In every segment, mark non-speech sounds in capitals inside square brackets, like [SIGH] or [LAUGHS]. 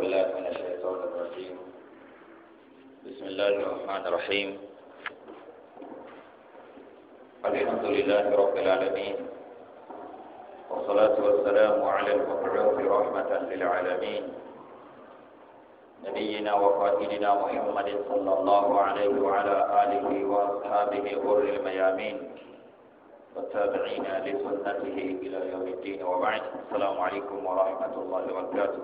بالله من الشيطان الرجيم بسم الله الرحمن الرحيم الحمد لله رب العالمين والصلاة والسلام على المبعوث رحمة للعالمين نبينا وقائدنا محمد صلى الله عليه وعلى آله وأصحابه غر الميامين والتابعين لسنته إلى يوم الدين وبعد السلام عليكم ورحمة الله وبركاته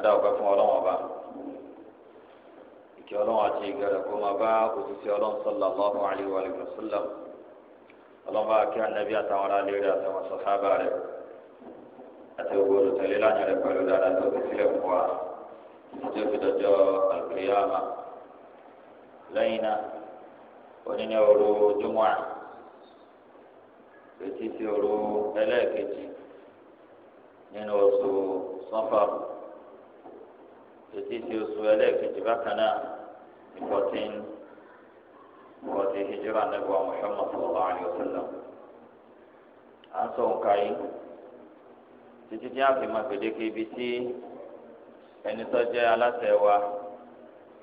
adáwò pẹ́ fún ọlọ́wọ́n ọba ìkẹ́ ọlọ́wọ́n àti ìgbẹ́rẹ́ kó máa bá òṣìṣẹ́ ọlọ́run sallallahu alaihi wa sallam ọlọ́ba kí anabi àtàwọn aráàlú rẹ̀ àtàwọn sọ̀hábà rẹ̀ àti gbogbo olùtẹ̀lé lánàá rẹ̀ pẹ̀lú dáadáa tó fi sílẹ̀ fún wa tó fi dọjọ́ àlùkìyàmá. lẹ́yìn náà oníní òru júmọ́ à etí sí òru ẹlẹ́ẹ̀kejì nínú oṣù sọ́fà etí sí oṣù ẹlẹ́ẹ̀kejì bákan náà ní fourteen forty hijira nebo Muhammad sallallahu alayhi wa sallam à ń sọ nǹkan yìí títí tí a fi máa gbèdéke ibi tí ẹni tó jẹ́ aláṣẹ wa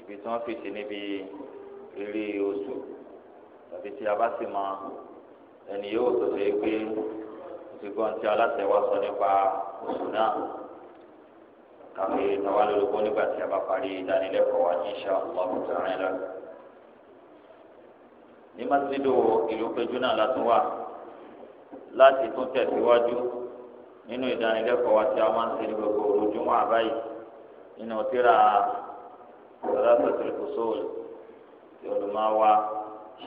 ibi tí wọ́n fi sí níbi eré oṣù tàbí tí a bá sì mọ ẹni yóò tó ṣe pé oṣù kan tí aláṣẹ wa sọ nípa oṣù náà kàwé náwó lórúkọ nígbà tí a bá parí ìdánilẹ́kọ̀ọ́ wa ní insha Allah ta'ala rẹ̀ lọ. ní masido ìlú péjú náà látún wà láti tún tẹ̀síwájú nínú ìdánilẹ́kọ̀ọ́ wa tí a máa ń ṣe ní gbogbo ojúmọ́ àbáyé nínú tíra sọlá tó kò sóòlù olùmọ̀wá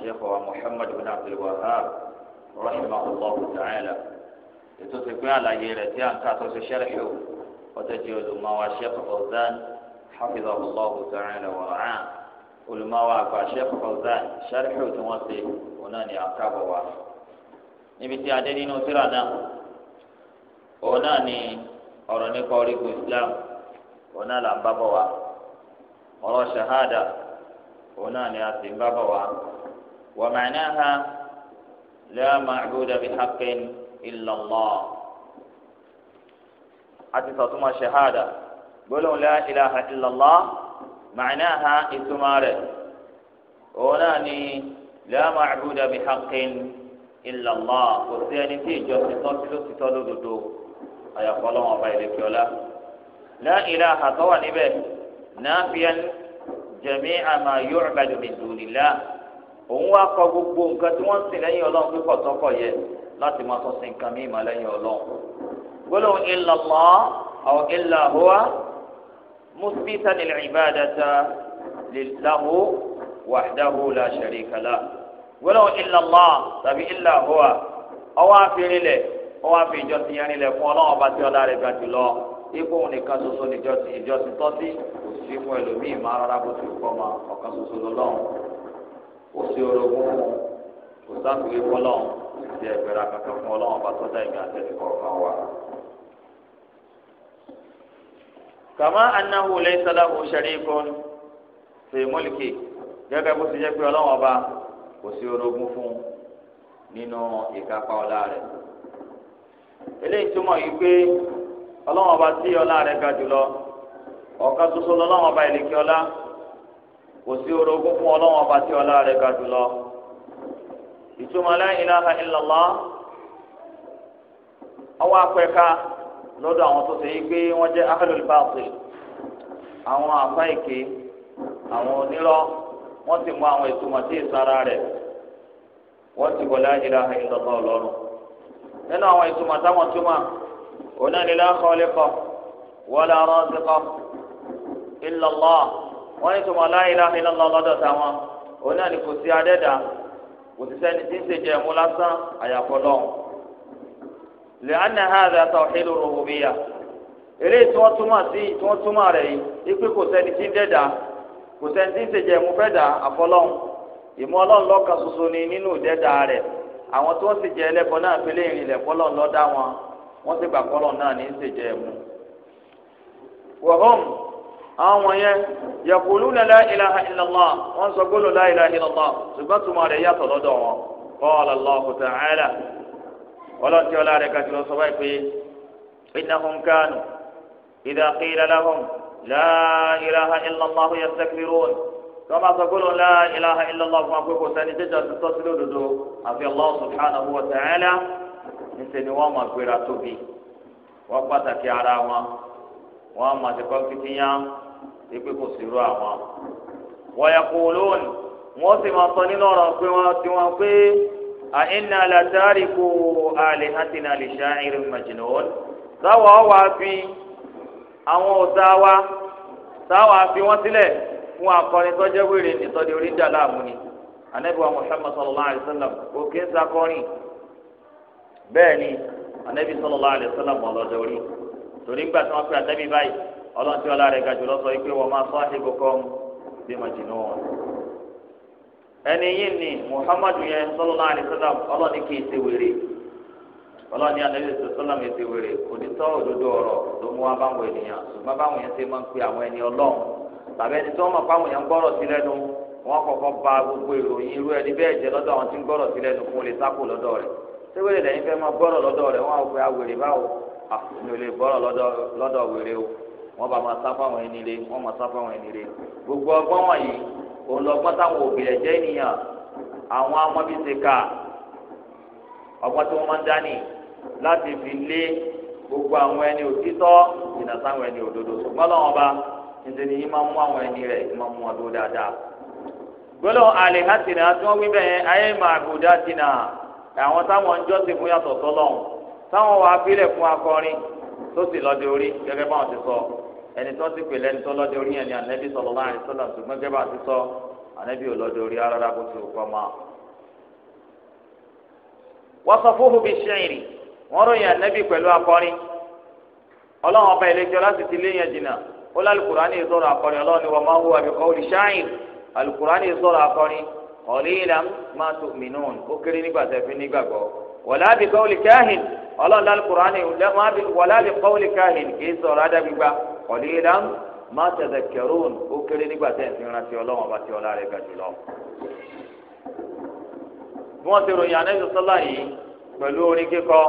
sheikh wa muhammad bin abdul wahab rahimahullah ta'ala ètò ti pín àlàyé rẹ̀ tí a ń ká tó ṣe ṣẹ́rẹ̀ṣẹ́ o ọtẹ jẹ́ olùmọ̀wá sheikh fawzan hafizahullah ta'ala wa ra'an olùmọ̀wá àgbà sheikh fawzan ṣẹ́rẹ̀ṣẹ́ tí wọ́n ṣe òun náà ni a kábọ̀ wá níbi tí a dé nínú tírà náà òun náà ni ọ̀rọ̀ nípa orígun islam òun náà là ń bá bọ̀ wá ọ̀rọ̀ shahada òun náà ni a sì ń bá bọ̀ wá wa ma'naha la ma'buda bihaqqin illa Allah àti sọ̀túnmọ̀ ṣahada gbólóhùn la ilaha illa Allah ma'naha ìtumọ̀ rẹ̀ òun náà ni la ma'buda bihaqqin illa Allah kò sí ẹni tí ìjọsìn tọ́ sí lóṣìṣọ́ lódodo àyàfọ́ lọ́wọ́ ọba ìlẹ̀kẹ́ ọlá la ilaha tó wà níbẹ̀ náà fi ẹni jẹ̀mí àmà yóò rẹ̀bẹ̀dù mi dùnì lá òun wá kọ gbogbo nǹkan tí wọ́n ń sìn lẹ́yìn ọlọ́run púpọ̀ tọ́kọ̀ yẹ láti máa tún sìn nǹkan mímọ́ lẹ́yìn ọlọ́run gbólóhùn illa Allah aw illa huwa musbitan al-ibadata lahu wahdahu la sharika lah gbólóhùn illa Allah tàbí illa huwa àfihàn ilẹ̀ ọwọ́ àfihàn ìjọsìn yẹn nílẹ̀ fún ọlọ́run ọba tí ọlá rẹ̀ gbàdúrà ipò òun nìkan ṣoṣo ní ìjọsìn tọ́sí kò sí fún ẹlòmíì máa rárá bó ti kọ́ ma ọ̀kan ṣoṣo lọ́lọ́run kò sí orogún kò sáfìwé fọlọ́run kò sí ẹgbẹ̀rẹ̀ kankan fún ọlọ́run bá tọ́jà ìgbà àtẹ̀lé kọ̀ọ̀kan wa. kàmá anáhùn lẹ́yìn sálàmù ṣẹ̀rí kan fèé mọ́lìkì gẹ́gẹ́ bó ti jẹ́ pé ọlọ́run ọba kò sí orogún fún nínú ìkápá ọlá rẹ̀ eléyìí túmọ̀ yìí pé ọlọ́wọ́n ọba tí ọlá rẹ̀ ga jùlọ ọ̀ka soso lọ́wọ́n ọba ọlá kò fún ọlọ́wọ́n tí ọlá rẹ̀ ga jùlọ. ìtumọ̀ la ilaha illallah ọwọ́ apẹ̀ka lọ́dọ̀ àwọn tó ṣe yí pé wọ́n jẹ́ àwọn ti mú àwọn ìtumọ̀ sí ìsara rẹ̀ wọ́n ti wọlé nínú àwọn ìtumọ̀ táwọn ọ̀nà ni la khaliqa wala raziqa illa Allah wọ́n ní tòmọ̀ la ilaha illa Allah lọ́dọ̀ táwọn ọ̀nà ni kò sí adẹ́dà kò sí sẹ́ni tí ń ṣe jẹ́ mú lásán àyàfọ́ tí wọ́n túmọ̀ sí tí wọ́n túmọ̀ rẹ̀ yìí ipe kò sẹ́ni tí ń dẹ́dà kò sẹ́ni tí ń ṣe jẹ́ mú fẹ́ dà àfọlọ́hùn ìmọ̀ ọlọ́run lọ́kan ṣoṣo àwọn tí wọ́n sì jẹ́ ẹlẹ́bọ náà fi lè rìnlẹ̀ fọlọ́run lọ́dá wọn wọ́n ti gbà kọ́lọ̀ náà ní ìṣèjẹ́ ẹ̀mú. wọ́họ́m àwọn wọ̀nyẹn yẹ̀kùlù la ilaha illallah wọ́n sọ gbólù la ilaha illallah ṣùgbọ́n tùmọ̀ rẹ̀ yàtọ̀ lọ́dọ̀ wọn qala Allahu ta'ala ọlọ́ọ̀tí ọlá rẹ̀ kàtí lọ sọ báyìí pé innahum kanu idha qila lahum la ilaha illallah yastakbirun tọ́ba sọ gbólù la ilaha illallah fún akókò sani jẹ́jọ́ ti òdodo àfi Allah subhanahu wa ta'ala níṣẹ́ ni wọ́n máa gbéra tóbi wọn pàtàkì ara wọn wọ́n máa ti ya ipe kò sí ru àwọn. wọ́n yẹ kó lónìí wọ́n sì máa sọ nínú ọ̀rọ̀ pé wọ́n ti wọ́n pé àìní kò àlè lè ṣá irin màjìnà wọn. fi àwọn ọ̀tá wa fi wọ́n sílẹ̀ fún akọrin tọ́jọ́ wèrè di orí dàlá àmúni. anábìwá sallallahu alayhi wa bẹ́ẹ̀ ni anabi sallallahu alaihi wasallam ọlọdọ orí torí ńgbà tí wọn pe anabi báyìí ọlọ́run tí ọlá rẹ̀ ga jùlọ sọ pé wọn máa sọ àṣekọ kọ bí mo jìnnà wọn. ẹni yìí ni muhammadu yẹn sallallahu alaihi wasallam ọlọ́run ní kí ṣe wèrè anabi ṣe wèrè onítọ́ òdodo ọ̀rọ̀ ló mú wa báwọn ènìyàn ṣùgbọ́n báwọn yẹn ṣe máa ń pe àwọn ẹni sewele lẹ́yìn fẹ́ máa bọ́rọ̀ lọ́dọ̀ rẹ̀ wọ́n á fẹ́ awèrè báwo àfihàn lè bọ́rọ̀ lọ́dọ̀ wèrè o wọ́n bá máa sáfà wọn ẹni lé wọ́n máa sáfà wọn ẹni lé gbogbo ọgbọ́n wọ̀nyí òun lọ́gbọ́n táwọn òbí rẹ̀ jẹ́ ènìyàn àwọn amọ́bíṣeká ọgbọ́n tí wọ́n máa ń dání gbogbo àwọn ẹni òtítọ́ sáwọn ẹni òdodo ṣùgbọ́n bá àwọn táwọn ń jọ́sìn fún yàtọ̀ sọ́lọ́hún táwọn wà bílẹ̀ fún akọrin tó sì lọ́dẹ orí gẹ́gẹ́ báwọn ti sọ ẹni tó ti pèlè ẹni tó lọ́dẹ orí yẹn ni ànẹ́bí sọ̀rọ̀ láàrin sọ́lá ṣùgbọ́n gẹ́gẹ́ bá ti sọ ànẹ́bí ò lọ́dẹ orí rárá bó ti kọ́ ma. wọ́n sọ fún hubi ṣẹ́yìnrì wọ́n ròyìn ànẹ́bí pẹ̀lú akọrin ọlọ́run ọba ìlẹ́jọ́ láti ti léyìn jìnnà ó lálùkùránì ìsọ̀rọ̀ akọrin ọlọ́run ni wọ́n máa ń hùwà qalilan ma tu'minun ó kéré nígbà tẹ́ fi nígbàgbọ́ wala bi qawli kahin ọlọ́ọ̀dá alukur'ani wala bi qawli kahin kì í sọ̀rọ̀ adágbégbá qalilan ma tadhakkarun ó kéré nígbà tẹ́ fi rántí ọlọ́wọ́n ọba tí ọlá rẹ̀ ga jùlọ. bí wọ́n ti ròyìn anabi sọ́lá yìí pẹ̀lú orin kíkọ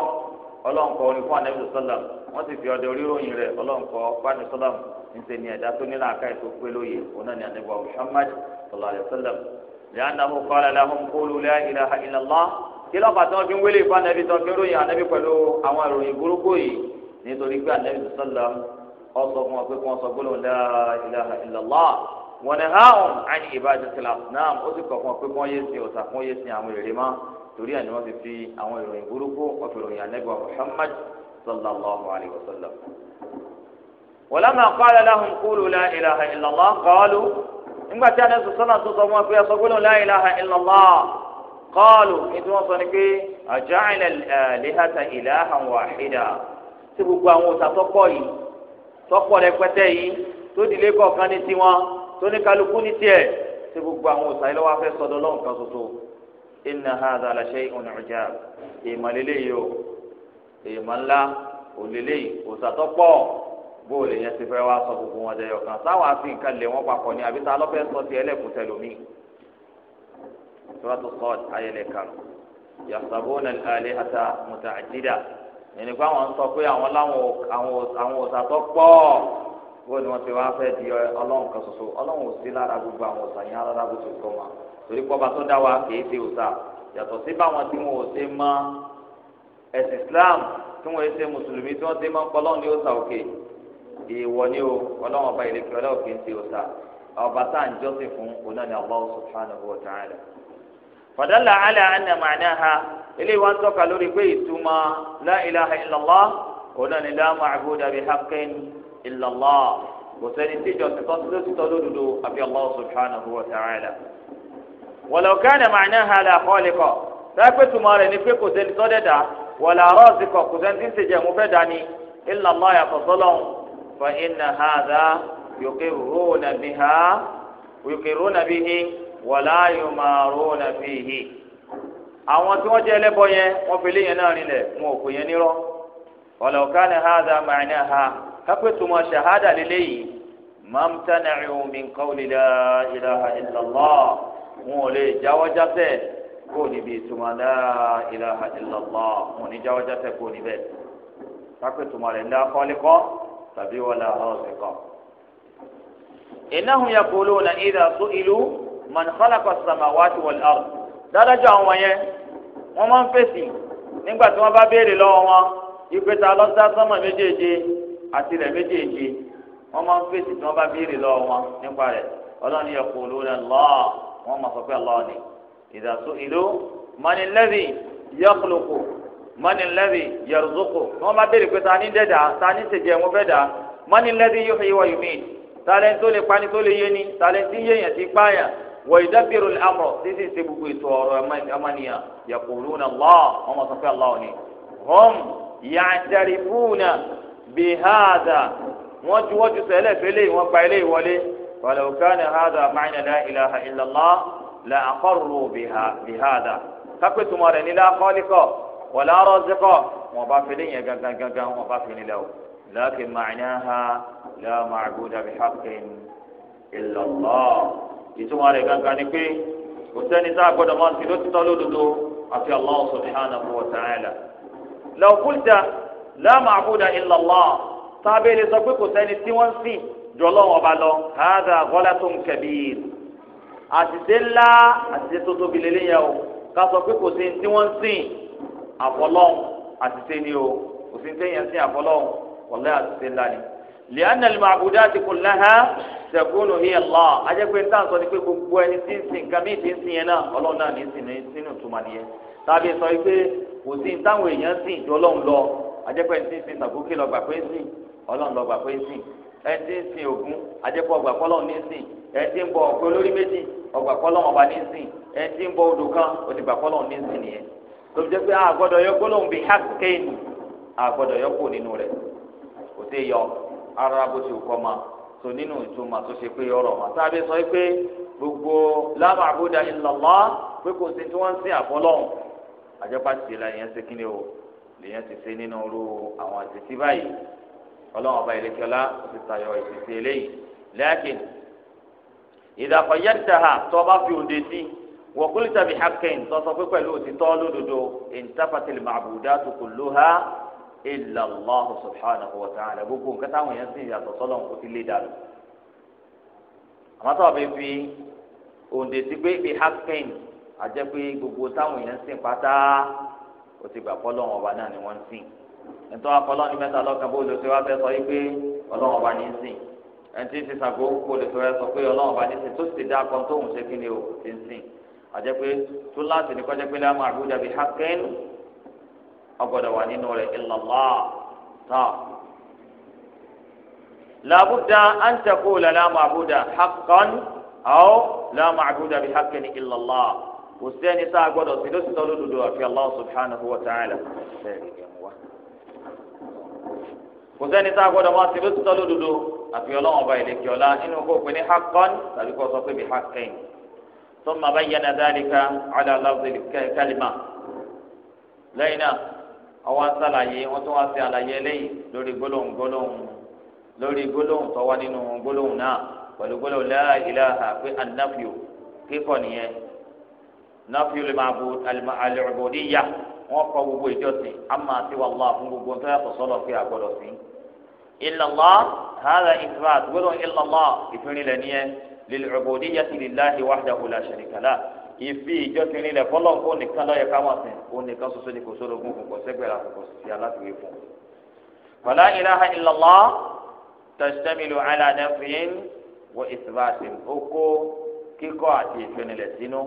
ọlọ́nkọ orin fún anabi sọ́lá wọ́n ti fi ọdẹ oríròyìn rẹ̀ ọlọ́nkọ fani sọ́lá ńṣe ni ẹ̀dá tó nílò àká ètò pé lóye òun náà ni لأنه قال لهم قولوا لا إله إلا الله kìlọ̀ pàtó wọn fi ń wélé fún anabi tó fi ròyìn anabi pẹ̀lú àwọn ìròyìn burúkú yìí nítorí pé anabi sọlá ọsọ fún wọn pé kí wọn sọ gbólóhùn la ilaha illallah wọn ni hàn àní ibadatil asnam ó sì kọ̀ fún wọn pé kí wọn yé sin ọ̀sà kí wọn yé sin àwọn èrè mọ́ torí ẹ̀ ni fi fi àwọn ìròyìn burúkú wọn fi ròyìn anabi muhammad sallallahu alayhi wa sallam. walamma qala nígbà tí alẹ́ sọ sọ́nà tó sọ wọn pé ọsọ gbọ́dọ̀ la ilaha illallah qalu nítorí wọn sọ ni pé aja'ala al-alihata ilahan wahida tí gbogbo àwọn òòtà tọ́pọ̀ yìí tọ́pọ̀ rẹpẹtẹ yìí tó dìlé kọ̀ọ̀kan ní tiwọn tó ní kálukú ní tiẹ̀ tí gbogbo àwọn òòtà yìí lọ́wọ́ afẹ́ sọ́dọ̀ lọ́hùn kan ṣoṣo inna hadha la shay'un 'ujab bóòlù yẹn ti fẹ́ wá sọ gbogbo wọn jẹyọ kan sáwọn àti nǹkan lè wọn papọ̀ ni àbí ta lọ́fẹ́ sọ ti ẹlẹ́kùn tẹlomi. sọ́dọ̀ sọ́ọ̀dì ayẹlẹ kan yasabo na alẹ́ ata muta àjídà ẹni pé àwọn sọ pé àwọn láwọn àwọn òsàtọ́ pọ̀ bóòlù wọn ti wá fẹ́ di ọlọ́run kan ṣoṣo ọlọ́run ò sí lára gbogbo àwọn òsà yẹn alára bó ti kọ́ wọn torí pọ́ba tó dá wa kì í ṣe òsà yàtọ̀ sí báwọn tí wọn ò ṣe mọ ẹ̀sìn Islam tí wọn ò ṣe mùsùlùmí tí wọ́n ṣe mọ́ pọ́lọ́ ní òsà òkè èèwọ̀ ni o ọlọ́run ọba ìlẹ̀kẹ́ ọlọ́run kì í ṣe ọ̀sà ọba tá à ń jọ́sìn fún ọ̀nà ni Allah subhanahu wa ta'ala. fadalla ala anna ma'naha eléyìí wọ́n tọ́ka lórí pé ìtumọ̀ la ilaha illallah ọ̀nà ni la ma'buda bihaqqin illallah kò sẹ́ni tí ìjọsìn tó ti tọ́ lódodo àbí Allah subhanahu wa ta'ala. rẹ̀ ni pé kò sẹ́ni tọ́ dẹ́ta wala raziqa kò sẹ́ni tí yàtọ̀ sọ́lọ́hún فإن هذا يقرون بها يقرون به ولا يمارون فيه àwọn tí wọn jẹ ẹlẹbọ yẹn wọn fi lé yẹn náà rinlẹ wọn ò kò yẹn nírọ́ ọlọ kánì hàdà màánì ha kápẹ́ tó mọ ṣàhádà lélẹ́yìí mamtana min qawli la ilaha illallah wọn ò lè jáwọ́ jáfẹ́ kó níbi ìtumọ̀ la ilaha illallah wọn ò ní jáwọ́ jáfẹ́ kó níbẹ̀ kápẹ́ tó mọ rẹ̀ ńlá kọ́lẹ́kọ́ tàbí wọlé àwọn ọ̀sẹ̀ kan. innahum yaquluna idha su'ilu man khalaqa as-samawati wal-ard dáadájú àwọn yẹn wọ́n máa ń fèsì nígbà tí wọ́n bá béèrè lọ́wọ́ wọn ìpè ta ló dá sánmà méjèèje àti ilẹ̀ méjèèje wọ́n máa ń fèsì tí wọ́n bá béèrè lọ́wọ́ wọn nípa rẹ̀ ọlọ́ni yaquluna Allah wọ́n máa sọ pé Allah ni idha su'ilu man alladhi mani lẹ́bi yẹrùzókò ni wọ́n bá béèrè pé ta ni dẹ́dà ta ni ṣèjẹ́ wọn fẹ́ dà mani lẹ́bi yóò fi wá yùmí talẹ̀ tó lè pani tó lè yé ni talẹ̀ tí yéèyàn ti pààyàn wọ ìdábìrò amọ̀ títí ṣe gbogbo ètò ọ̀rọ̀ amániyà yàkùrú na lọ́ wọn mọ̀ sọ pé aláwọ̀ ni. hom yàtàrífúnà bihàdà wọn ju wọn ju sẹlẹ̀ fẹlẹ̀ wọn gba ilé ìwọlé wàlẹ̀ òkànnì hàdà máyìnà lá ilaha illallah la àkọ́rù bihàdà kápẹ́tùmọ̀ rẹ̀ ní lákọ́líkọ̀ wọlé ọrọ zikọ wọn bá fi léyìn gangan gangan wọn bá fi nílẹ o lọkì màánáha lọ màgbó dàbí haqqin illallah ìtumọ̀ rẹ̀ gangan ni pé kò sẹ́ni tá a gbọ́dọ̀ máa ń ti lótìtọ́ lódodo àfi Allah subhanahu wa ta'ala law qulta la ma'buda illallah tábìlì sọ pé kò sẹ́ni tí wọ́n ń sìn wọn bá lọ hàdà ghalatun kabir àtìsé ńlá àtìsé tó tóbi lélẹ́yà o ká sọ pé kò sí tí wọ́n sìn àfọlọ́hún àtìsẹ́ ni o kò sí téèyàn sí àfọlọ́hún wọlé àtìsẹ́ ńlá ni. lẹ́yìn àlùmọ̀ àbúdá ti kò lẹ́hà sẹ̀kúnù hi ẹ̀lá ajẹ́pẹ́ ni pé gbogbo ẹni tí si sin nǹkan míì tí ń sin náà sin nínú tàbí sọ pé kò sí táwọn èèyàn lọ ajẹ́pẹ́ ń nti si sàgókè lọ gbà pé ń lọ pé si si ọba odò kan tó jẹ́ pé àgbọ́dọ̀ yọ gbólóhùn bíi haqqin àgbọ́dọ̀ yọ kó nínú rẹ̀ kò sí yọ ara bó ti kọ́ ma tó nínú ìtumọ̀ tó ṣe pé ọ̀rọ̀ ma sábẹ sọ pé gbogbo la ma'buda illallah pé kò sí tí wọ́n ń sìn àfọlọ́hùn àjọpá ti la ìyẹn ṣe kíni o lèyẹn ti ṣe nínú irú àwọn àtẹ̀tí báyìí ọlọ́run ọba ìlẹ́kẹ́lá ó ti tayọ ìtẹ̀tẹ̀ eléyìí lẹ́yìn ìdàkọ̀ yẹ́ta tó o bá fi òde sí i wọ́kúlì tàbí hakin tọ́sọ pé pẹ̀lú òtítọ́ lódodo ìntàfàtìlì màbúdá tó kò ló ha illa Allah subhanahu wa ta'ala gbogbo nǹkan táwọn èèyàn sì ń yàtọ̀ sọ́lọ̀ kò ti lé dànù. àmọ́ tó a bẹ fi òǹdè sí pé bí hakin àjẹ́ pé gbogbo táwọn èèyàn sì ń pátá ó ti gbà fọ́lọ́ ọba náà ni wọ́n ń sìn. ẹ̀ńtọ́ ní mẹ́ta lọ́kàn bó ló ti wá fẹ́ sọ yí pé ọlọ́run ọba ní í sìn ẹ̀ńtí ti sàgó kó ló ti sọ pé ọlọ́run ní í tó ti dá akọ tóun ṣe kí ni o ti ń àjẹ́ pé tó láti ní kọjá pé àwọn àbújá bíi haqqin ọgọdọ wà nínú rẹ̀ illallah tọ́. làbúdà an àwọn àbújá ma'buda ọ̀ aw àwọn àbújá bíi haqqin illallah kò sẹ́ni tá a gbọ́dọ̀ sí tó lódodo àfi Allah subhanahu wa ta'ala kò sẹ́ni tá a gbọ́dọ̀ máa sí tó lódodo àfi ọlọ́wọ́n ọba ìlẹ̀kẹ́ ọ̀la inú kó pe ní haqqan tàbí kó sọ pé bíi haqqin. ثم بين ذلك على لفظ الكلمة لينا àwọn asàlàyé wọn tún wá sí àlàyé eléyìí lórí gbólóhùn gbólóhùn lórí gbólóhùn tó wá nínú gbólóhùn náà pẹ̀lú gbólóhùn la ilaha pé anáfíò kíkọ nìyẹn náfíò lè máa bu al-ubudiyya wọn kọ gbogbo ìjọsìn amma siwa Allah fún gbogbo tó yàtọ̀ sọ́lọ̀ pé àgbọ̀dọ̀ sí. illa Allah hàdà ìfúrà gbólóhùn illa Allah ìfúnilẹ̀ nìyẹn lil-ubudiyyati lillahi wahdahu la sharika lahu ìfi ìjọsìn ilẹ̀ fọlọ́n kó nìkan lọ́yẹ káwọn sìn òun nìkan ṣoṣo ni kò sóro gun kò sẹ́gbẹ̀rẹ̀ àkókò sí aláfiwé fún un. wala ilaha illallah tashtamilu ala nafyin wa ithbatin ó kó kíkọ́ àti ìfẹnilẹ̀ sínú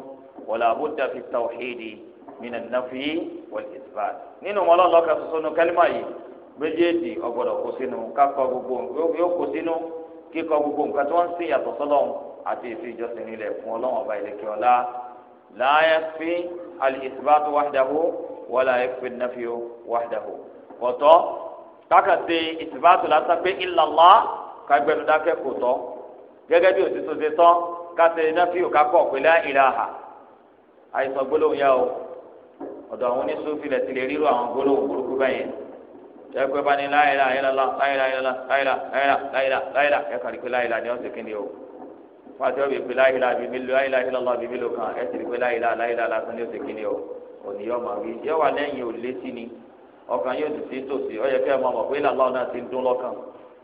wala budda fi tawhidi mina nafyi wal ithbat. nínú ọlọ́ọ̀lọ́ kan ṣoṣo nu kálímà yìí méjèèjì ọgbọ́dọ̀ kó sínú kíkọ́ gbogbo nǹkan tí wọ́n ń sìn yàtọ̀ àti ètò ìjọsìn nílẹ̀ fún ọlọ́run ọba ìlẹ̀kẹ́ ọ̀la láyà fi alìsibátò wàhídàwó wọlé àyẹ̀fẹ́ nàfíò wàhídàwó kọ̀tọ́ kákàtẹ́ ìsibátò lásán pé ìlàlá kagbẹnu dákẹ́ kò tọ́ gẹ́gẹ́ bí òtítọ́ ṣe tán kàtẹ́ nàfíò kakọ̀ pẹ̀lú ìlàhà àìsàn gbólóhùn yá o ọ̀dọ̀ àwọn oníṣòfin lẹ̀ ti lè ríro àwọn gbólóhùn burúkú báyẹn ẹgbẹ́ bá ní láyìlá láyìlá láyìlá láyìlá láyìlá láyìlá láyìlá ẹ̀ka rí fati ọbẹ pe láyé la bíbí lò láyé láyé lọlọ bíbí lò kan ẹsẹ ti pe láyé la láyé la lásán ní oṣù kìíní o òní yọ máa wí yọ wà lẹ́yìn òlé sí ni ọkàn yóò dùn sí tòsí ọyẹ fẹ mọ ọmọ pé làlọ náà ti ń dún lọ́kàn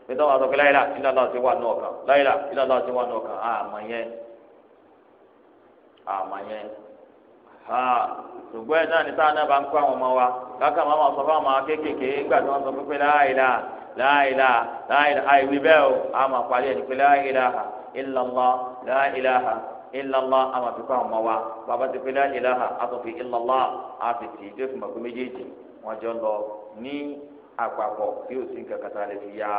pé tọ́wọ́ àtọ́kẹ́ láyé la ilé aláwọ̀ ti wà nù ọkàn láyé la ilé aláwọ̀ ti wà nù ọkàn àmọ́ yẹn àmọ́ yẹn ṣùgbọ́n ẹ̀ náà ní sáà náà bá ń kó àwọn ọmọ wa káka máa sọ fún àwọn akékèké nígbà tí wọ́n sọ pé láyé la láyé la láyé la àìwí bẹ́ẹ̀ o àmọ́ àpàlẹ́ ẹ̀ ní pé láyé la illallah la ilaha illallah àwọn àfikún àwọn ọmọ wa bàbá ti pé la ilaha àtòfin illallah àfìtì tó fi mọ̀ pé méjèèjì wọn jọ lọ ní àpapọ̀ tí ó sì ń kankan tá a lè fi ya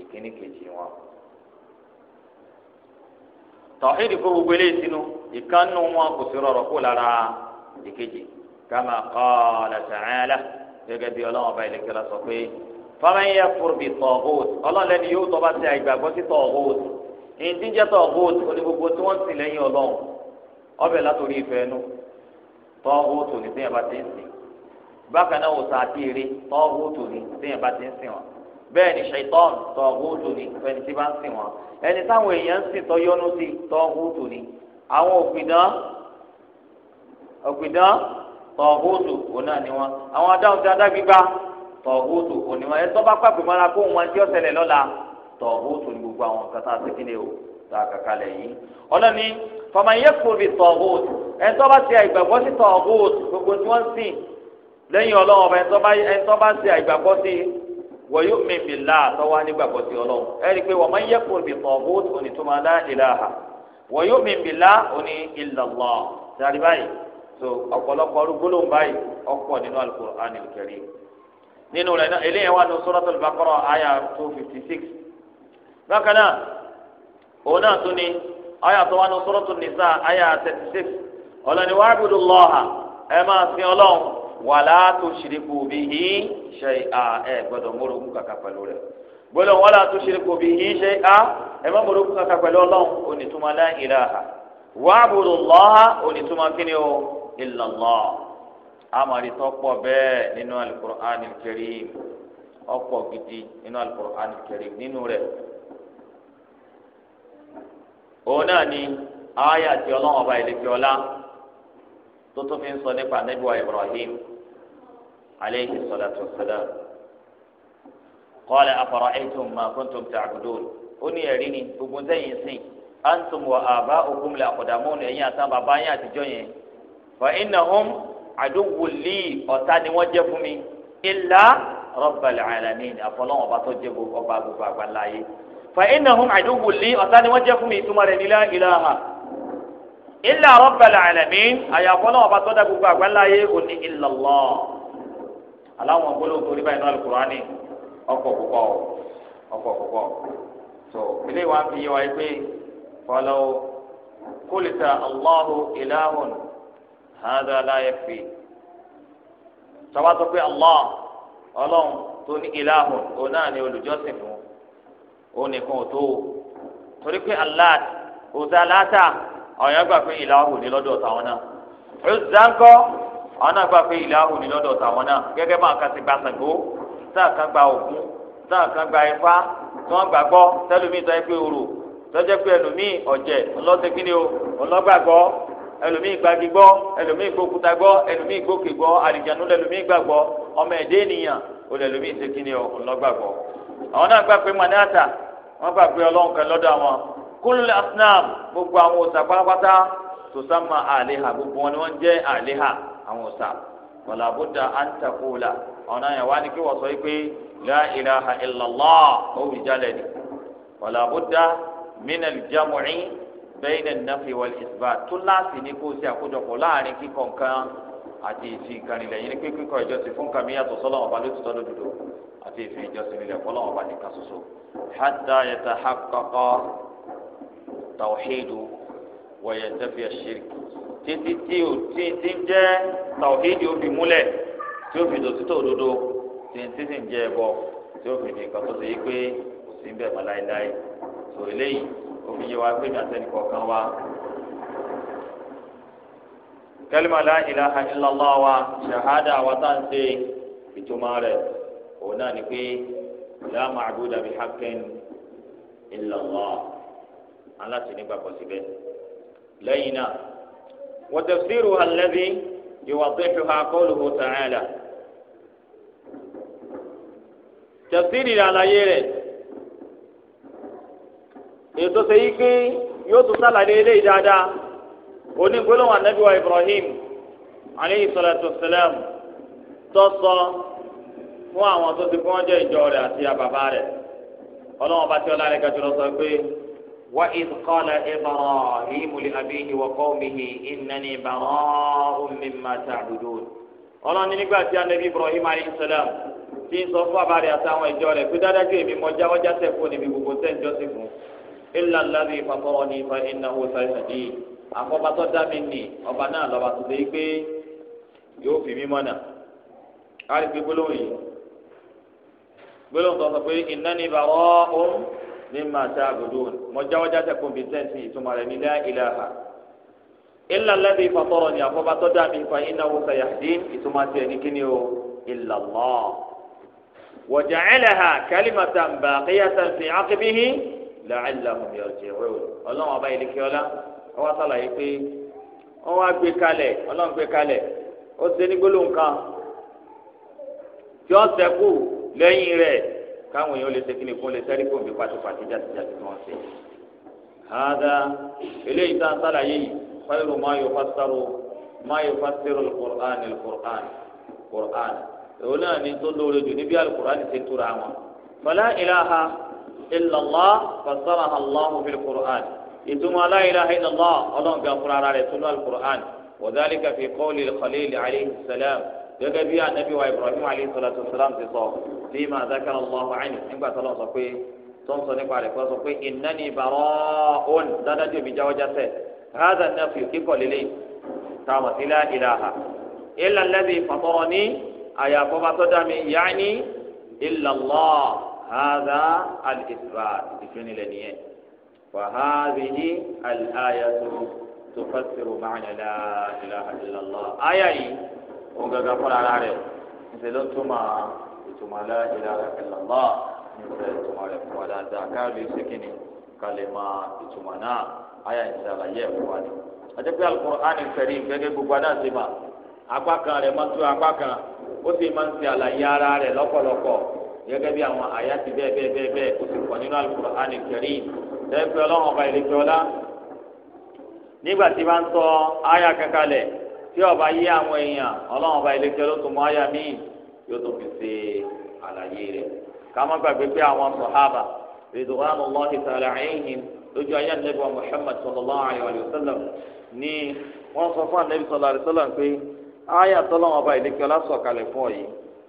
ìkíní kejì wọn. tọ̀hídì kó gbogbo eléyìí sínú ìkànnù wọn kò sí rọrọ̀ kó lára ìkejì kama qala ta'ala gẹ́gẹ́ bí ọlọ́wọ́n bá ilé kẹlẹ́ sọ pé fọmẹ́yẹ fúrbi tọ̀hóòt ọlọ́lẹ́ni yóò tọ́ bá ti àgbàgbọ́ sí tọ̀hóòt èyí tí ń jẹ́ tọ́hóòt oní gbogbo tí wọ́n sì lẹ́yìn ọlọ́run ọbẹ̀ látòrí ìfẹ́ nù tọ́hóòt ní sẹ́yìn bá ti ń sìn bákan náà òsà àti èrè tọ́hóòt ní sẹ́yìn bá ti ń sìn wọn bẹ́ẹ̀ ni ṣètọ́n tọ́hóòt ní ẹni tí bá ń sìn wọn ẹni táwọn èèyàn ń sìn tọ́yọ́nú sí tọ́hóòt ní àwọn òpìdán òpìdán tọ́hóòt òun ni wọn àwọn adáhùn tí adágbígbá tọ́hóòt òun ni wọn ẹ tọ̀hútù ní gbogbo àwọn nǹkan tá a ti kíni o tá a kàkà lẹ̀ yìí. ọlọ́ni fama yẹ kúrò tọ̀hútù ẹni tó bá ti àìgbàgbọ́ sí tọ̀hútù gbogbo tí wọ́n sìn lẹ́yìn ọlọ́run ọba ẹni tó bá ti àìgbàgbọ́ sí wọ̀nyí mímìlá àtọ́wá nígbàgbọ́ sí ọlọ́run ẹni pé wọ́n máa yẹ kúrò tọ̀hútù onítùmọ̀ alá ìlàhà wọ̀nyí mímìlá oní ìlàlọ́ sáré báyìí so ọ̀pọ̀lọpọ̀ gbólóhùn báyìí nínú rẹ̀ náà eléyàwó àti Suratul Baqarah àyà two bákan náà òun náà tún ni àyà tó wà ní Suratul Nisa àyà thirty six ọlọ́ni wa'budullaha ẹ máa sin ọlọ́run wala tushriku bihi shay'a ẹ gbọ́dọ̀ mórogún kàkà pẹ̀lú rẹ̀ gbọ́dọ̀ wala tushriku bihi shay'a ẹ má mórogún kàkà pẹ̀lú ọlọ́run onítùmọ̀ la ilaha wa'budullaha onítùmọ̀ kíni o illallah amari tó pọ̀ bẹ́ẹ̀ nínú al-Qur'an ọ̀pọ̀ gidi nínú al-Qur'an nínú rẹ̀ òun náà ni àáyà tí ọlọ́run ọba ìlẹ́fẹ́ ọlá tó tún fi ń sọ nípa nẹ́bíwá Ibrahim aleyhi salatu wasalam qala afara'aytum ma kuntum ta'budun ó ní ẹ̀rí ni gbogbo sẹ́yìn sìn antum wa aba'ukum la aqdamun ẹ̀yìn àtàn bàbá yẹn àtijọ́ yẹn fa innahum aduwwun li ọ̀tá ni wọ́n jẹ́ fún mi illa rabbal alamin àfọlọ́wọ́n ọba tó jẹ́ gbogbo ọba gbogbo àgbáńláyé. فإنهم عدو لي أتاني وجهكم يتمر لا إله إلا رب العالمين أي أقول أبا صدق ولا يغني إلا الله اللهم أقول أقول بين القرآن أقوى أقوى أقوى أقوى so ilé wa fi yé wa yé pé fọlọ́ kólítà allahu ilahun hada láyé fi sọ́wọ́ sọ pé allah ọlọ́run tó òun nìkan ò tó torí pé aláàt òòzà látà àwọn gbà pé ìlàhù ní lọ́dọ̀ tàwọn náà òòzà ń náà gbà pé ní lọ́dọ̀ tàwọn náà gẹ́gẹ́ bá nǹkan ti gba táà kan gba táà kan gba tí wọ́n gbàgbọ́ ni o ńlọ́gbàgbọ́ ẹlòmíì gbagi ẹlòmíì gbókuta gbọ́ ẹlòmíì gbókè gbọ́ àlìjánu lẹlòmíì gbàgbọ́ ọmọ ẹ̀dẹ́ ènìyàn ńlọ́gbàgbọ́. àwọn náà wọ́n bá gbé ọlọ́run kan lọ́dọ̀ àwọn kúlùlẹ̀ asinam gbogbo àwọn òòṣà pátápátá tòṣàmà àléhà gbogbo wọn ni wọ́n jẹ́ àléhà àwọn òòṣà wàlà àbúdà àǹtakùlà ọ̀nà yẹn wá ní kí wọ́n sọ yìí pé la ilaha illallah òwì jálẹ̀ ni wàlà àbúdà mínà jamu'i bẹ́ẹ̀nẹ̀ nàfi wal isbat tó láti ní kó o ṣe àkójọpọ̀ láàrin kíkọ̀ nǹkan àti ìfi lẹ́yìn ní kíkọ̀ ìjọsìn àti ìfẹ́ ìjọsìn ilẹ̀ fọlọ́wọ́n bá nìkan ṣoṣo hatta yatahaqqaqa tawhidu wa yantafi ash-shirk títí tí o ti ti ń jẹ́ tawhidu ó fi múlẹ̀ tí ó fi dòtítọ́ òdodo tí ń títí ń jẹ́ ẹ̀bọ tí ó fi nìkan tó ṣe yí pé kò sí bẹ́ẹ̀ mọ́ láéláé tó eléyìí ó fi yé wa pé ní àtẹnìkọ̀ọ̀kan wa kẹlima la ilaha illallah wa shahada wa tá n ṣe ìtumọ̀ rẹ̀ òun náà ni pé la ma'buda bihaqqin illa Allah aláṣẹ nígbà pọ̀ síbẹ̀ lẹ́yìn náà wa tafsiruha alladhi yuwaddihuha qawluhu ta'ala tafsiri àlàyé rẹ̀ ètò sẹ́yìn pé yóò tún sálàyé eléyìí dáadáa onígbólóhùn anabiwa Ibrahim aleyhi salatu wa salam tọ́sọ fún àwọn tó ti fún wọn jẹ ìjọ rẹ̀ àti àbàbà rẹ̀ ọlọ́wọ́n bá ti ọlá rẹ̀ gàdúrà sọ pé wa idh qala Ibrahim li abihi wa qawmihi innani bara'un mimma ta'budun ọlọ́ni nígbà tí anabi Ibrahim alayhi ti ń sọ fún àbárẹ̀ àtàwọn ìjọ rẹ̀ pé dáadájú èmi mọ̀já ọjà sẹ́kù níbi gbogbo sẹ́ńjọ́ sí fún illa alladhi fatarani fa innahu sayahdi àkọ́bátọ́ dá mi ọba náà lọ́ba tó dé pé yóò fi mí mọ́nà. a rí gbólóhùn kan sọ pé innani bara'un mimma ta'budun mo jáwọ́ jáde kọ́mpitẹ́ǹsì ìtumọ̀ rẹ̀ ní la ilaha illa alladhi fatarani àfọ́bátọ́ dá mi fa innahu sayahdin ìtumọ̀ tiẹ̀ ní kíni o illa Allah wa ja'alaha kalimatan baqiyatan fi aqibihi la'allahum yarji'un ọlọ́run ọba ìlẹ́kẹ́ọ́lá ọwọ́ sàlàyé pé wọ́n wá gbé kalẹ̀ ọlọ́run gbé ó ṣe gbólóhùn kan tí ó ṣẹ́kù lẹ́yìn rẹ̀ káwọn èèyàn lè tẹkínì kún lè sẹ́rí kòmí pàtìpàtì jàdìjàdì tí wọ́n ṣe. hàdà eléyìí tá a sàlàyé yìí fáyọrù máa yọ fásitárò máa yọ fásitárò alukur'an alukur'an kur'an òun náà ní tó lóore jù níbi alukur'an ti tura wọn. fala ilaha illallah fasaraha allahu fil kur'an ìtumọ̀ la ilaha ọlọ́run gan fúnra rẹ̀ tún alukur'an gẹ́gẹ́ bí anabi wa ibrahim alayhi salatu salam ti sọ bí ma zakara allahu anhu nígbà tó lọ sọ pé tó ń sọ nípa rẹ̀ kó sọ pé innani bara'un dáadáa jòmí jáwọ́ jásẹ̀ hádà náà fi kíkọ̀ lélẹ̀ táwọn sí la ilaha illa alladhi fatarani àyàfọ́ bá tó dá mi yaani illa allah hádà al-isbat ìfúnnilẹ̀ nìyẹn wa hadhihi al-ayatu tufassiru ma'na la ilaha illa allah. ayayi òun gàgà fún ara rẹ̀ ńṣe ló túmọ̀ ìtumọ̀ la ilaha illallah ńṣe ìtumọ̀ rẹ̀ fún wa dáadáa káàlù ìṣèkìní kalẹ̀ máa ìtumọ̀ náà ayà ìṣàlàyé ẹ̀fọ́ wa ni. àjẹpẹ́ Al-Qur'ani Karim gẹ́gẹ́ gbogbo adá ti mà apá kan rẹ̀ máa tú apá kan ó sì máa ń ṣe àlàyé ara rẹ̀ lọ́pọ̀lọpọ̀ gẹ́gẹ́ bí àwọn àyà ti bẹ́ẹ̀ bẹ́ẹ̀ bẹ́ẹ̀ bẹ́ẹ̀ ó sì pọ̀ nínú Al-Qur'ani Karim lẹ́gbẹ̀ẹ́ ọlọ́run ọba ìlẹ́gbẹ̀ọ́lá nígbà tí wọ́n ń sọ àyà kankan lẹ̀ tí ọba yé àwọn èèyàn ọlọ́run ọba ilé ló tún mọ àyà míì yóò tó fi ṣe àlàyé rẹ̀ ká má gbàgbé pé àwọn sọ̀hábà rìdùwánù lọ́ọ̀tì sàrà ẹ̀yìn lójú ayé ànábì wa Muhammad sallallahu alayhi wa sallam ní wọ́n sọ fún ànábì sallallahu alayhi wa sallam pé àyà tọ́lọ́run ọba ilé kẹlẹ́ sọ̀kalẹ̀ fún ọ yìí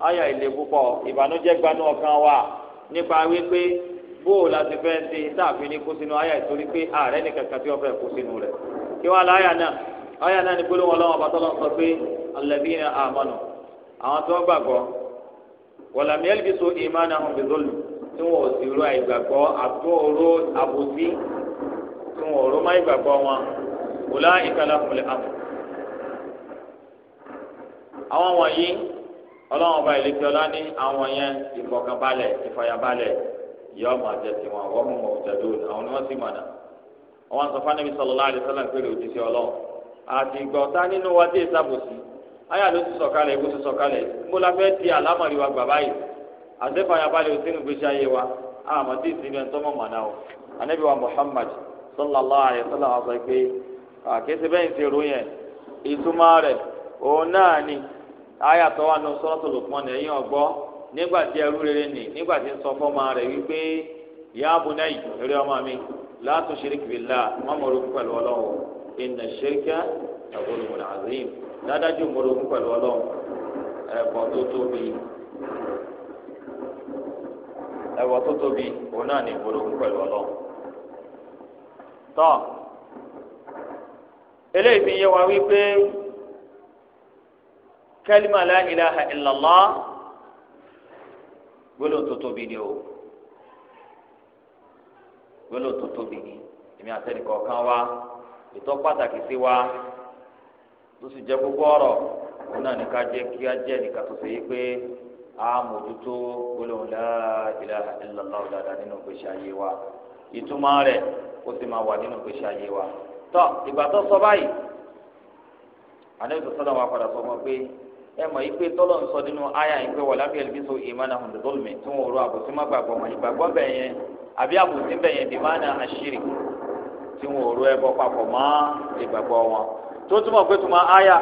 àyà ilé púpọ̀ ìbànújẹ́ gbanú ọkàn wa nípa wípé bóò la fẹ́ ṣe táàfin ní kó sínú àyà ìtorí pé ààrẹ nìkan kan tí àyà náà ní gbólóhùn ọlọ́run ọba tọ́lọ́ sọ pé alladhina amanu àwọn tí wọ́n gbàgbọ́ walam yalbisu imanahum bizulm tí wọn ò sì ro àìgbàgbọ́ àtúnrò àbòsí tí wọn ò ro má ìgbàgbọ́ wọn ulaika lahumul amn. àwọn wọ̀nyí ọlọ́run ọba ìlẹ́kẹ́ ọlá ní àwọn yẹn ìfọkànbalẹ̀ ìfọyàbalẹ̀ yọ ọmọ àjẹ tiwọn àwọn ni àti ìgbọ̀ta nínú wa dé ìsàbòsí ayé àló ti sọ̀kalẹ̀ ìwé ti sọ̀kalẹ̀ gbọ́dọ̀ fẹ́ di àlámọ̀rí wa gbà báyìí àtẹ́fàyàbalẹ̀ òsínú gbèsè ayé wa àmọ́ tí ìsinmi ẹ̀ mọ̀nà o anabi wa Muhammad sallallahu alayhi wa sallam sọ pé bẹ́ẹ̀ ń ṣe yẹn ìtumọ̀ rẹ̀ òun náà ni ayé nù ní ẹ̀yìn nígbà tí ẹrú rere nì nígbà tí ń ya ọmọ mi la tushrik billah mọ́mọ́ inna shirka ẹ̀wọ̀n ìwọ̀n azim dádájú ìmọ̀lógún pẹ̀lú ọlọ́run ẹ̀bọ̀ tó tóbi ẹ̀wọ̀ tó tóbi òun náà ní ìmọ̀lógún pẹ̀lú ọlọ́run. tọ́ eléyìí fi yé wa wípé kẹ́límà la ilaha illallah gbólóhùn tó tóbi ni o gbólóhùn tó tóbi ni èmi àtẹnìkọ̀ọ̀kan wa ìtọ́ pàtàkì sí wa tó sì jẹ́ gbogbo ọ̀rọ̀ òun náà ní ká jẹ́ kí á jẹ́ nìkan tó ṣe yí pé a mójútó gbólóhùn la ilaha illallah dáadáa nínú ìgbésí ayé wa ìtumọ̀ rẹ̀ ó sì máa wà nínú ìgbésí ayé wa tọ́ ìgbà tó sọ báyìí àdéhùn sọ́dọ̀ wa padà sọ wọn pé ẹ mọ̀ yí pé tọ́lọ̀ ń sọ nínú àyà yìí pé wàlábí ẹlẹ́bíso ìmánà hùndùdólùmí tí wọ́n rọ àbòsí má gbàgbọ́ wọn ìgbàgbọ́ bẹ̀ àbí àbòsí bẹ̀ yẹn àṣírí tí wọn ò ro ẹbọ papọ̀ mọ́ ìgbàgbọ́ wọn tó túmọ̀ pé túmọ̀ áyà.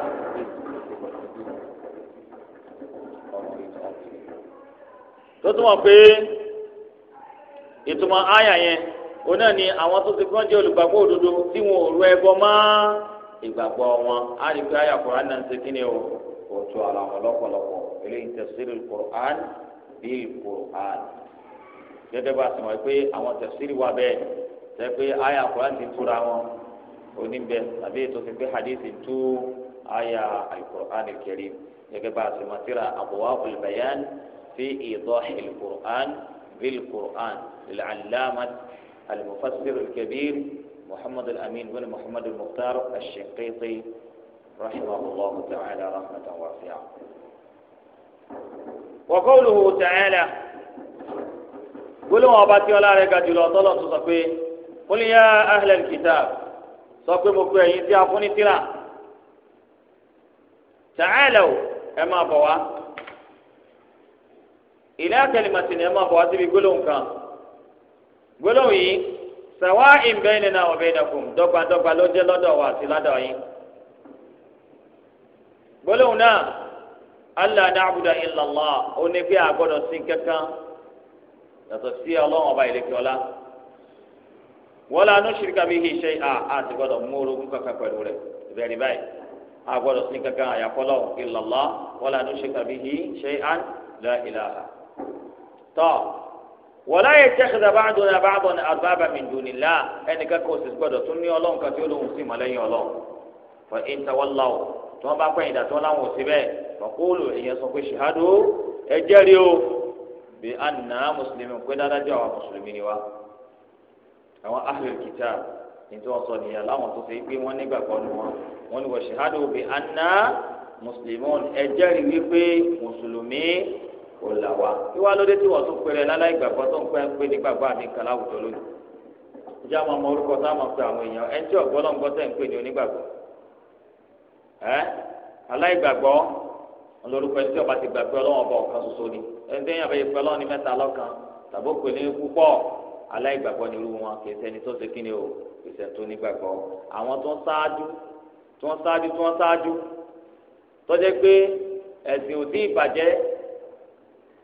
tó túmọ̀ pé ìtumọ̀ áyà yẹn òun ni àwọn tó ti kán jẹ́ olùgbàgbọ́ òdodo tí wọn ò ro ẹbọ mọ́ ìgbàgbọ́ wọn á rí pé áyà kọ̀ọ̀rán náà ń ṣe kí ni o kò tó ara wọn lọ́pọ̀lọpọ̀ eléyìí tẹ̀síìrì kọ̀ọ̀rán bíi kọ̀ọ̀rán gẹ́gẹ́ bá a sọ wọn pé àwọn tẹ̀síìrì wà bẹ́ẹ̀ sẹ́pẹ́ àyà Kùránì ti túra wọn oníbẹ̀ tàbí ètò ti pé hadithi tú àyà Al-Qur'an Al-Karim gẹ́gẹ́ bá a ti máa tíra Abwabul Bayan fi Idahil Qur'an bil Qur'an al-Allamah al amin bin Muhammad al-Mukhtar al ta'ala rahmatan wasi'a. wa qawluhu ta'ala gbólóhùn ọba tí ọlá rẹ̀ ga jùlọ tó sọ pé qul ya ahlal kitab sọ pé mo pe ẹ̀yin tí a fún ní tírà ta'alaw ẹ máa bọ̀ wá ila kalimatin ẹ máa bọ̀ wá síbi gbólóhùn kan gbólóhùn yìí sawa'in baynana wa baynakum dọ́gbadọ́gba ló jẹ́ lọ́dọ̀ wa àti lọ́dọ̀ yín gbólóhùn náà allah na'budu illallah ó ní pé a gbọ́dọ̀ sìn kankan yàtọ̀ sí Ọlọ́run ọba ìlẹ̀kẹ́ ọlá wọ́n lanu ṣìríkà bí hi ṣe à á ti gbọ́dọ̀ mú orogún kankan pẹ̀lú rẹ̀ bẹ̀rẹ̀ báyìí a gbọ́dọ̀ sí kankan àyàfọ́lọ́ ìlọ́lá wọ́n lanu ṣìríkà bí hi ṣe à la ilaha tọ́ wọ́n láyé tẹ́kẹ̀dá bá dùn náà bá bọ̀ ní àbábà mi dùn nílá ẹnìkan kò sì gbọ́dọ̀ tún ní ọlọ́run kan tí ó lóun sì mọ̀ ọlọ́run fọ ìntàwọ́lá o àwọn ahlul kitab nítorí wọn sọ nìyẹn láwọn tó ṣe é pé wọn nígbàgbọ́ ni wọn wọn ni wọ́n ṣèhádùn òbí anna mùsùlùmí ẹ jẹ́rìí wípé mùsùlùmí kò là wá kí wàá lóde tí wọ́n tún pèrè láláì gbàgbọ́ tó ń pẹ́ ń pè ní gbàgbọ́ àmì kan láwùjọ lónìí ìjà máa mọ orúkọ táwọn máa pe àwọn èèyàn ẹni tí ọ̀gbọ́n náà ń gbọ́ tẹ̀ ń pè ní onígbàgbọ́ ẹ́ aláìgbàgbọ́ olórúkọ ẹni tí ọba ti gbàgbé ọlọ́wọ́n bọ̀ ọ̀kan ṣoṣo ni ẹni tí aláìgbàgbọ́ ni irú wọn kì í ṣẹni tó ṣe kíni o kì í ṣẹni tó nígbàgbọ́ àwọn tó ń ṣáájú tó ń ṣáájú tó ń ṣáájú tọ́jẹ́ pé ẹ̀sìn ò tí ì bàjẹ́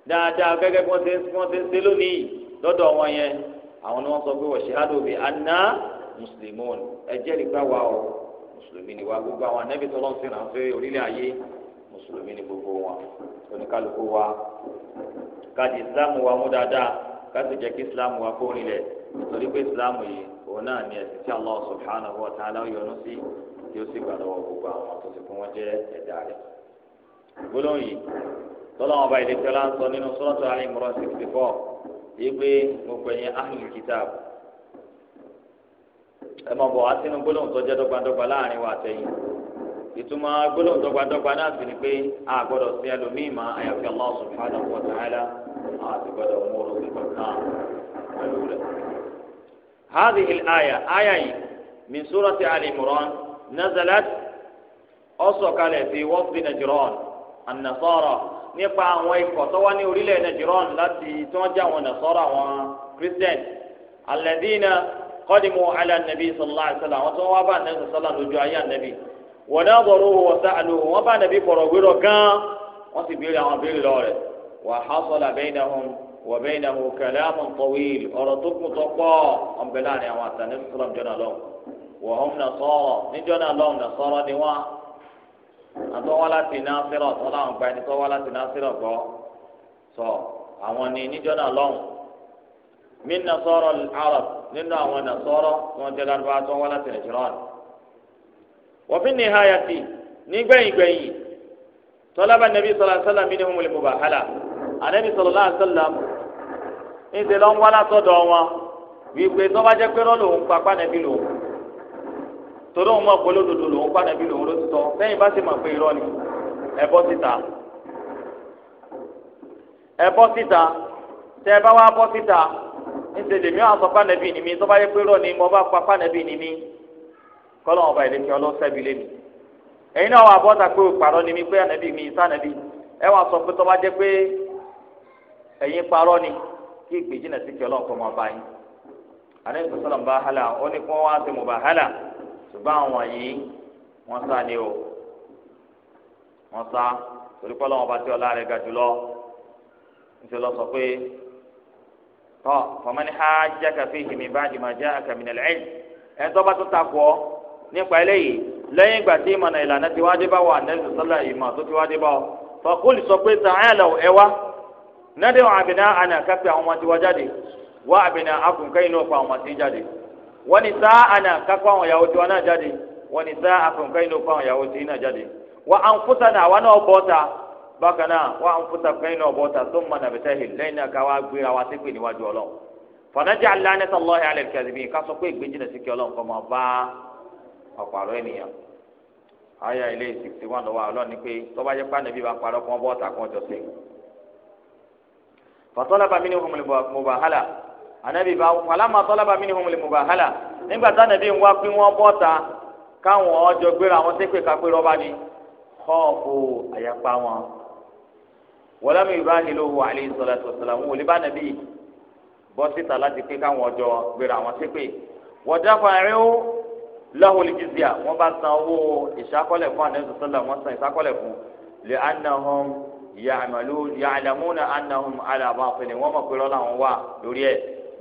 dáadáa gẹ́gẹ́ bí wọ́n ṣe wọ́n ṣe ń ṣe lónìí lọ́dọ̀ wọn yẹn àwọn ni wọ́n sọ pé wọ̀ṣẹ́ àdòbí àná mùsùlùmí ẹ jẹ́rìí gbà wá o mùsùlùmí ni wá gbogbo àwọn anábì tó lọ́n sìnrà pé orílẹ̀ ayé mùsùlùmí ni gbogbo wọn oníkálukú wa káàdì islam wa mú dáadáa kasi jẹ́ kí islam wa kó rinlẹ̀ torí pé islam yìí òun náà ni ẹ̀sìn tí allah subhanahu wa ta'ala yọ́nú sí tí ó sì gbà lọ́wọ́ gbogbo àwọn tó ti fún wọn jẹ́ ẹ̀dá rẹ̀. gbólóhùn yìí tọ́lá wọn bá ilé tí wọ́n sọ nínú sọ́lọ́tọ̀ sixty four yìí pé mo pè yín ahlul kitab ìtumọ̀ gbọ́dọ̀ dọ́gbadọ́gba náà sì ni pé a gbọ́dọ̀ sí ẹlòmíì mà àyàfi Allah subhanahu wa ta'ala a ti gbọ́dọ̀ mú orúkọ kankan pẹ̀lú rẹ̀. هذه الآية آية من سورة آل عمران نزلت أصوكال في وفد نجران النصارى nípa àwọn ikọ̀ tó wá ní orílẹ̀ nàìjíríàn láti tí wọ́n jẹ́ àwọn nàṣọ́rọ̀ àwọn christian alẹ́dínà kọ́dìmù alẹ́ nàbí sọlá àṣàlà àwọn tó wá bá nàìjíríà sọlá lójú ayé ànàbí wọ́n náà bọ̀ lóhùn wọ́n sáàlù wọ́n bá nàbí fọ̀rọ̀ wérọ̀ gan wọ́n sì béèrè àwọn béèrè lọ́wọ́ rẹ̀ wà á sọ̀lá bainahum wa bainahu kalamun tawil ọ̀rọ̀ tó kù tó pọ̀ ọ̀n bẹ̀ láàrin àwọn àtàlẹ́ sọ̀rọ̀ jọ́nà lọ́wọ́ wọ́n hùn nasara níjọ́nà lọ́wọ́ nasara ni wọ́n àtọ́wọ́ láti Nasira tọ́lá láti Nasira gbọ́ sọ àwọn ni wọ́fin ní hayati nígbẹ̀yìngbẹ̀yìn tọ́lábà nàbí sọlá sọlá mi ní humul mubahala ànàbí sọlá sọlá ńṣe lọ́n wá látọ̀dọ̀ wọn nwala tọ́ba jẹ́ pé rọ́ lòun pa pánàbí lòun torí òun mọ̀ pé lódodo lòun pánàbí ni ẹ ẹ kọ́lọ́n ọba ìlẹ́kì ọlọ́sẹ̀bi lẹ́nu ẹ̀yin náà wà bọ́ta pé òparọ́ ni mi pé ànábì mi sànàbì ẹ wà sọ pé tó bá pé ẹ̀yin parọ́ ni kí ìgbèjìnà sí kí ọlọ́run kọ́ máa bá yín ànábì sọ̀rọ̀ ń bá hàlà ó ní kí wọ́n wá sí mo bá hàlà ṣùgbọ́n àwọn yìí wọ́n sá ni o wọ́n sá torí kọ́lọ́n ọba tí ọlá rẹ̀ ga jùlọ níṣẹ́ lọ sọ pé tọ́ fọmọ́ni hajjaka fihi min ba'di ma ja'aka min al-'ilm ẹ̀ tó tó ta kọ́ nípa eléyìí lẹ́yìn ìgbà tí ìmọ̀nà ìlànà ti wáá dé bá wà nẹ́sì sọ́lá ìmọ̀ tó ti wáá dé bá ọ. fọkúlì sọ pé ta'ala ẹ wá nádé wọn àbìnà àná kápẹ́ àwọn ọmọ tiwa jáde wá àbìnà akùnkẹ́ inú ọkọ̀ àwọn ọmọ tí jáde wọ́n ní sá àná kápẹ́ àwọn ìyàwó tiwa náà jáde wọ́n ní sá akùnkẹ́ inú ọkọ̀ àwọn ìyàwó tí náà jáde wọ́n à náà àwa náà bọ́ bákan náà wọ́n à ń fúta kẹ́yìn náà bọ́ ta tó mọ̀ lẹ́yìn náà káwá gbéra wa sí pé níwájú ọlọ́run fọ̀nàjà lánàá sọ̀lọ́ọ̀ ọ̀pàrọ̀ ènìyàn àyà ilé sixty one lọ́wọ́ àlọ́ ni pé tọ́ba jẹ́ pé ànábì bá parọ́ kán bọ́ọ̀tà kan jọ sí. fàtọ́lábà mí ni hùmù lè mubahala ànábì bá fàlámà tọ́lábà mí ni hùmù lè mubahala nígbà tánábì ń wá pé wọ́n bọ́ọ̀tà káwọn ọjọ́ gbéra wọn ṣépè kápé rọ́bà ni kọ́ọ̀kù àyàpá wọn. wọ́lámi ìbá nílò wà alẹ́ ìsọ̀lá ìsọ̀lá wọn ò lè bá ànábì bọ́ síta láti pé káwọn ọjọ́ gbéra wọn ṣépè wọ́n dáfà rẹ́ lahul jizya wọ́n bá san owó ìṣàkọ́lẹ̀ fún anabi sọlá wọ́n san ìṣàkọ́lẹ̀ fún lè anahum yàmàlú yàlámúnà anahum alábàáfẹ́lẹ̀ wọ́n mọ̀ pé lọ́la wọn wà lórí ẹ̀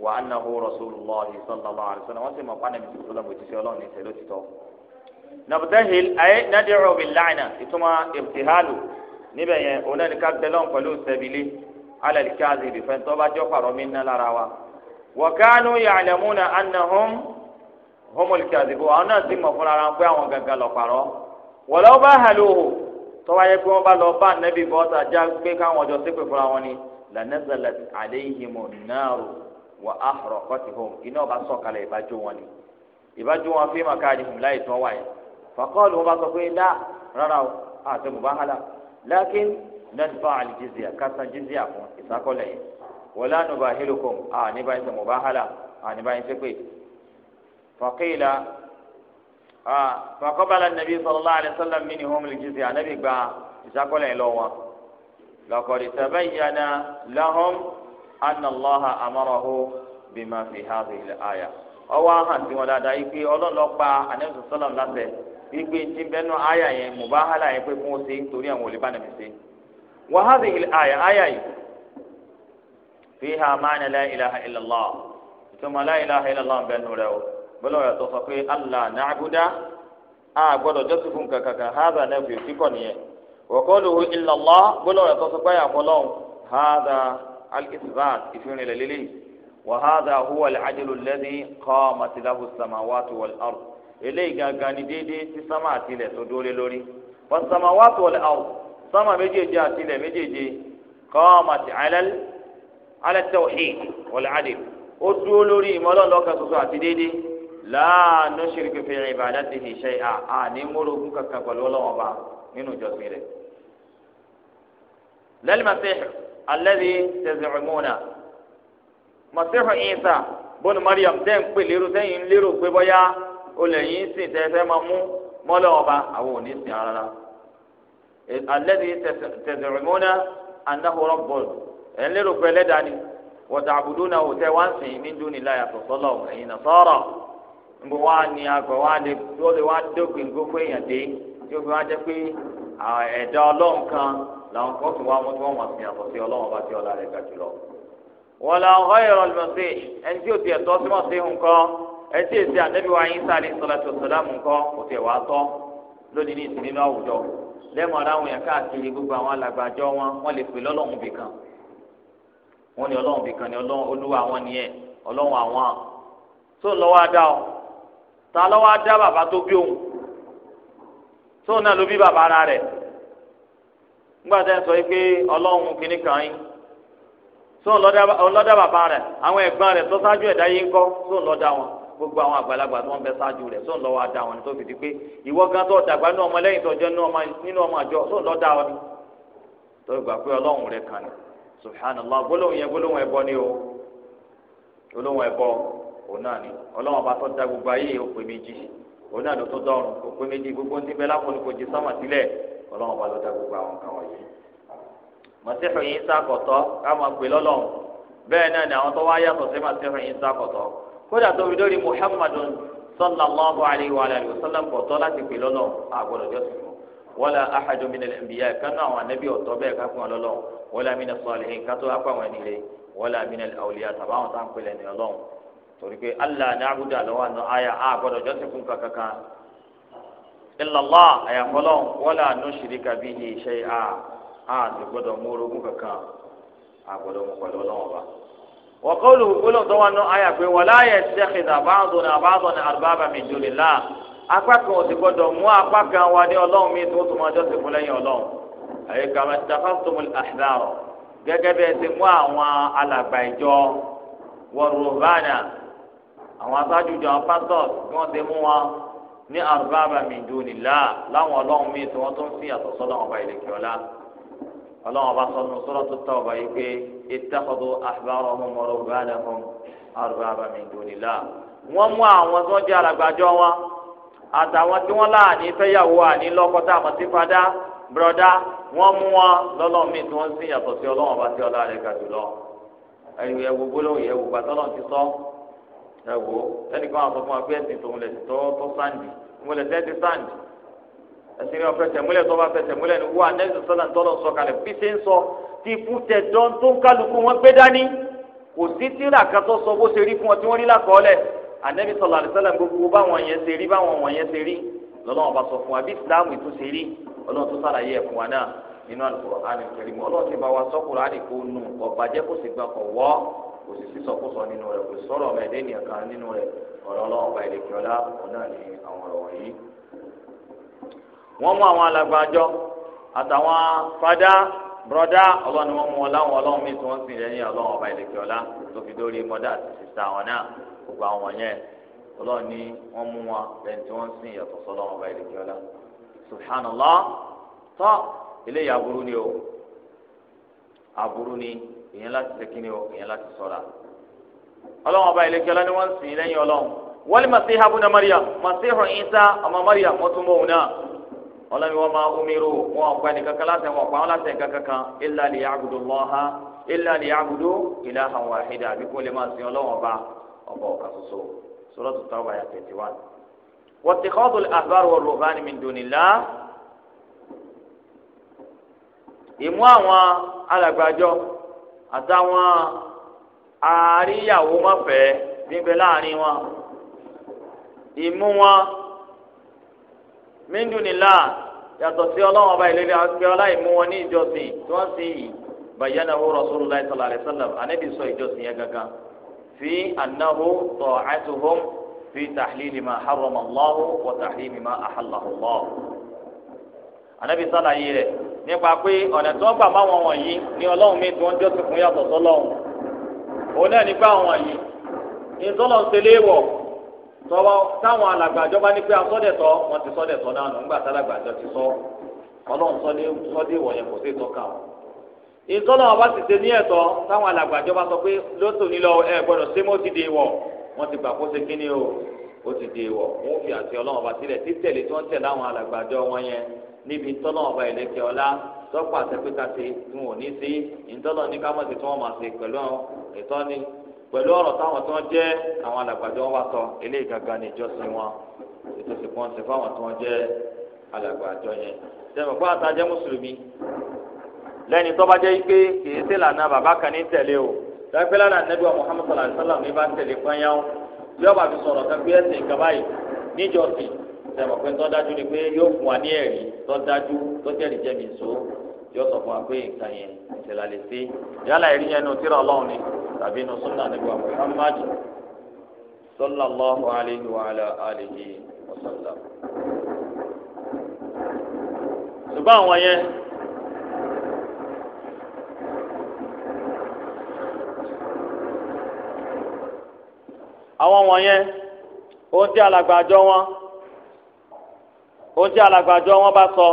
wà anahu rasulillahi sallallahu alayhi wa sallam wọ́n sì mọ̀ pé anabi sọlá mo ti ṣe ọlọ́run ní ìṣẹ̀lẹ̀ òtítọ́. nabtahil ayé nadiru bi laana ìtumọ̀ ibtihalu níbẹ̀ yẹn onáni gbẹlọ́n pẹ̀lú sẹ́bìlì alẹ́ káàzì ìfẹ́ntọ́ bá jọ́ lára wa. wọ́n kánú yàlámúnà homoli kadibu àwọn náà ti mọ̀ fúnra wọn pé àwọn gangan lọ parọ́ wọlé wọn bá hàlò o tọwọ ayé pé wọn bá lọ bá nẹbi bọta já gbé káwọn ọjọ́ ṣépè fúnra wọn ni lanazalat aleihimu naaru wa ahọrọ kọtihom iná ọba sọ̀kalẹ̀ ìbájú wọn ni ìbájú wọn fi màkà àdìhùn láì tán wáyé fakọọlù wọn bá sọ pé dá rárá o àti mubahala lakin nadfa alijizia kasa jizia fún ìsákọlẹ yìí wọlé ànúbà فقيل آه فقبل النبي صلى الله عليه وسلم منهم الجزية النبي قال يقول لهم لقد تبين لهم أن الله أمره بما في هذه الآية ọwọ́ hàn sí wọn dáadáa yìí pé ọlọ́lọ́gba anabi sọ́lọ́m lásẹ̀ yìí pé tí bẹ́nu àyà yẹn mubahala yẹn pé fún ṣe torí àwọn olè bá nàbì ṣe. wọ́n hàn sí àyà àyà yìí fi hà máa ní la ilaha illallah ìtumọ̀ la ilaha illallah ń bẹ́nu rẹ o bọ́lá ọ̀rọ̀ tó sọ pé allah na'buda a gbọ́dọ̀ jọ́sìn fún kankan haza náà fi kíkọ̀ nìyẹn wa qawluhu illa Allah bọ́lá ọ̀rọ̀ tó sọ pé àfọlọ́hún haza al-ithbat ìfìrìnlẹ̀ lélẹ́yìí wa haza huwa al-ajlu alladhi qamat lahu as-samawati wal-ard eléyìí gangan ni déédéé tí sámà àtìlẹ̀ tó dúró lé lórí was-samawati wal-ard sámà méjèèjì àtìlẹ̀ méjèèjì qamat ala at-tawhid wal-'adl ó dúró lórí ìmọ̀lọ́lọ́ kan ṣoṣo àti déédéé la nushriku fi ibadatihi shay'a a ní múlòkù kankan pẹ̀lú ọlọ́wọ́n ba nínú ìjọsìn rẹ̀. lẹ́lí masiḥu alladhi taz'umuna masiḥu Isa bọ́nu Mariam tẹ́ ń pè lérò tẹ́yìn ń lérò pé bọ́yá olè yín sì tẹ́ fẹ́ máa mú mọ́lọ́wọ́n ba àwọn ò sìn rárá. alladhi taz'umuna annahu rabbun ẹ̀ ń lérò pé ẹlẹ́dàá ni wa ta'buduna òtẹ́ wá ń nbọ wa ni agbọ wa le tó lè wa dógbìn gbogbo èèyàn dé tí o fi wá jẹ pé ẹ̀dá ọlọ́run kan làwọn kan tún wá wọn tí wọ́n mọ̀ sí àtọ̀ sí ọlọ́run bá ti ọlá rẹ̀ ga jùlọ. wọn là ń hóyè rọ lọsẹ ẹni tí o ti ẹ̀tọ́ sí mọsí nǹkan ẹni tí èsì ànábì wa yín sáré sọlẹtọ sọlámù nǹkan kò tiẹ̀ wá tọ lónìí ní ìsinmi náà àwùjọ lẹ́mọ̀ aráwọn yẹn káàkiri gbogbo àwọn alàgbàjọ wọn wọ́n lè pè lọ́lọ́run bìkan wọ́n ní ọlọ́run bìkan ní olúwa wọn nìyẹn ọlọ́run àwọn tó ń lọ́wọ́ adá ọ ta ló wá dá bàbá tó bí òun tóun náà ló bí bàbá ara rẹ̀ nígbà tẹ́ ń sọ yìí pé ọlọ́run kìíní kan yín tóun lọ́dá bàbá rẹ̀ àwọn ẹ̀gbọ́n rẹ̀ tó ẹ̀dá kọ́ wọn gbogbo àwọn àgbàlagbà tó ń bẹ ṣáájú rẹ̀ tóun lọ́wọ́ adá wọn tó fi di pé ìwọ gan tó dàgbà nínú ọmọ lẹ́yìn tó jẹ́ nínú ọmọ àjọ wọn ni tó gbà pé ọlọ́run rẹ̀ kan subhanallah gbólóhùn yẹn gbólóhùn ẹ̀bọ ni o gbólóhùn òun náà ni ọlọ́wọ́n bá tọ́ da gbogbo ayé òpè méjì òun náà ló tó dọ́rùn òpè méjì gbogbo ń ti bẹ lápò ní kò jí sọ́mà sílẹ̀ ọlọ́wọ́n bá ló da gbogbo àwọn kan wọ̀nyí. màsíhù yín sákọ̀tọ́ káwọn pè lọ́lọ́run bẹ́ẹ̀ náà ni àwọn tó wá yàtọ̀ sí màsíhù yín sákọ̀tọ́ kódà tó fi dórí muhammadun sallallahu alayhi wa alayhi wa sallam kọ̀tọ́ láti pè lọ́lọ́run àgbọ̀dọ̀ torí pé allah ní abudu àlọ́wọ́ àná àyà á gbọ́dọ̀ jọ́sìn fún kankan ilàlá àyàfọlọ́ wọlé àánú ṣìríkà bí ní iṣẹ́ a a ti gbọ́dọ̀ mú orogún kankan a gbọ́dọ̀ mú pẹ̀lú ọlọ́wọ́ bá. wọ́kọ́lù gbólóńtọ́ wa nù àyà pé wọlé àyà ṣẹ́kìdà báńdùn àbáńdùn àrùbábà mi jòlè lá apá kan ò ti gbọ́dọ̀ mú apá kan wa ní ọlọ́run mi tó tó máa jọ́sìn fún lẹ́yìn ọlọ́run àyè kàmẹ́ tafásitọ́mù alàgbà ìjọ wọ̀rùbánà àwọn aṣáájú jọ àwọn pastors tí wọ́n ti mú wọn ní arbaba min dunillah láwọn ọlọ́run míì tí wọ́n tún sí àtọ̀ sọ́lọ́wọ́n ọba ìlẹ̀kẹ́ ọ̀la ọlọ́wọ́n bá sọnù suratu tawba yìí pé ittakhadhu ahbarahum wa rubbanahum arbaba min dunillah wọ́n mú àwọn tó jẹ́ alàgbàjọ wọn àtàwọn tí wọ́n láàní fẹ́yàwó àní lọ́kọ́ tá padà bùrọ̀dá wọ́n mú wọn lọ́lọ́run míì tí wọ́n sí yàtọ̀ sí ọlọ́wọ́n bá sí ọlá rẹ̀ gàdúrọ̀ ẹ̀rù ẹ̀wò gbólóhùn ẹ̀wò gbàtọ́lọ́ ti sọ ẹ wò ó ẹnì kan àtọ fún wa pé ẹsìn tòun lẹ tọ tọ sáǹdì mo lẹ tẹ́tí sáǹdì ẹsìn ní ọ̀fẹ́ tẹ̀múlẹ̀ tó bá fẹ́ tẹ̀múlẹ̀ ni wọ́n anẹ́sì sọ́nà tọ́lọ̀ sọ kalẹ̀ bí ṣe ń sọ ti fún tẹ̀dán tó ń kálukú wọn gbé dání kò sí tíra kan tó sọ bó ṣe rí fún ọ tí wọ́n rí lákọọ́lẹ̀ anẹ́bí sọ̀rọ̀ àlùsọ́lẹ̀ gbogbo báwọn yẹn ṣe rí báwọn wọ̀n yẹn ṣe rí lọ́lọ́wọ́n bá sọ fún wa bí islam tó ṣe rí ọlọ́run tó sàlàyé ẹ̀fún wa náà nínú Al-Qur'an al ọlọ́run ti bá wa sọ́kùnrin àdìkú nù ọ̀bàjẹ́ kò sì gbà kọ̀ wọ́ kò sì sísọkúsọ nínú rẹ̀ kò sọ̀rọ̀ ọmọ ẹdẹ ènìyàn kan nínú rẹ̀ ọ̀rọ̀ Ọlọ́run ọba ìlẹkẹ ọlá ọ̀nà ni àwọn ọ̀rọ̀ wọ̀nyí. wọ́n mú àwọn alàgbàjọ àtàwọn fada broda Ọlọ́run ni wọ́n mú ọláwọn Ọlọ́run míì tí wọ́n sì lẹ́yìn Ọlọ́run ọba ìlẹkẹ tó fi dórí mọdà àti sísá wọn náà gbogbo àwọn yẹn Ọlọ́run ni wọ́n mú wọn lẹ́yìn tí wọ́n sìn yàtọ̀ sọ́lọ́run ọba ìlẹkẹ subhanallah tọ́ ilé ìyàbúrú ni o àbúrú ni ìyẹn láti ṣe kíni o ìyẹn láti sọra ọlọ́run ọba ìlẹ́kẹ́lá ni wọ́n ń sìn lẹ́yìn ọlọ́run wọ́n masiha buna mariam masihu isa ọmọ mariam wọ́n tún bọ̀ òun náà ọlọ́run wọn máa umiru wọn ọ̀pá ẹnìkan kan láti ẹ̀wọ̀n ọ̀pá láti ẹ̀ka kankan illa liyabudu allaha illa liyabudu ilahan wahida àbí kó lè máa sìn ọlọ́run ọba ọba àtàwọn àríyàwó mọ̀fẹ́ níbẹ̀ láàrin wọn ìmú wọn míndùnìlá yàtọ̀ sí ọlọ́wọ́n ọba ìlérí akpẹ́ ọlá ìmú wọn ní ìjọsìn tí wọ́n sì yìí bayyanahu rasulillah sallallahu alaihi wa sallam anabi sọ ìjọsìn yẹn gangan fi annahu ta'atuhum fi tahlili ma harrama allahu wa tahlili ma ahallahu allah anabi sálàyé rẹ̀ nípa pé ọ̀nà tí wọ́n gbà má wọn wọ̀nyí ni ọlọ́run mi tí wọ́n jọ́ sí fún yàtọ̀ sọ́lọ́run òun náà nípa àwọn wọ̀nyí ìtọ́lọ̀ ń tẹ̀lé wọ̀ tọ́wọ́ táwọn alàgbàjọ bá ní pé asọ́dẹ̀tọ̀ wọn ti sọ́dẹ̀tọ̀ náà nù ńgbà tálàgbàjọ ti sọ ọlọ́run sọ́dẹ̀ yẹn kò sí ìtọ́ka o ìtọ́lọ̀ wọn bá ti ṣe ní ẹ̀tọ́ táwọn alàgbàjọ bá sọ pé lótò nílọ ẹ gbọ́dọ̀ ṣé mo ti dè wọ̀ wọ́n ti gbà kó ṣe kíní o ó ti dè wọ̀ wọ́n fi àti ọlọ́run bá sílẹ̀ títẹ̀lé tí wọ́n tẹ̀lé àwọn alàgbàjọ wọn yẹn níbi tọ́lọ́ ọba ìlẹ́kẹ̀ ọlá tọ́pọ̀ àtẹ́pẹ́kàṣe tí wọn ò ní sí ìtọ́lọ́ ní kámọ́sí tí wọ́n máa ṣe pẹ̀lú ẹ̀tọ́ ni pẹ̀lú ọ̀rọ̀ táwọn tó ń jẹ́ àwọn alàgbàdo wọn wá sọ eléyìí gangan ní ìjọsìn wọn ètò ìsìnkú wọn sì fáwọn tó ń jẹ́ alàgbàdo yẹn. sẹ́mi kó àtàjẹ́ mùsùlùmí lẹ́ni tó bá jẹ́ pé kìí sí lànà bàbá kan ní tẹ̀lé o lẹ́pẹ́ lánà nẹ́bí wa Muhammad sallallahu alayhi wa sallam ní bá tẹ̀lé pányáwó bí ọba fi sọ̀rọ̀ kan pé ẹ̀sìn sẹ́wọ̀n pé tó dájú ni pé yóò fún wa ní ẹ̀rí tó dájú tó tẹ̀lé jẹ́ mi so yóò sọ fún wa pé nǹkan yẹn lè ṣe yálà ẹ̀rí yẹn nu tírà ọlọ́run ni tàbí nu súnà níbi wa Muhammad sallallahu alayhi wa wa sallam. ṣùgbọ́n àwọn yẹn àwọn wọ̀nyẹn ohun tí alàgbàjọ wọn. ó jẹ́ alàgbàjọ wọn bá sọ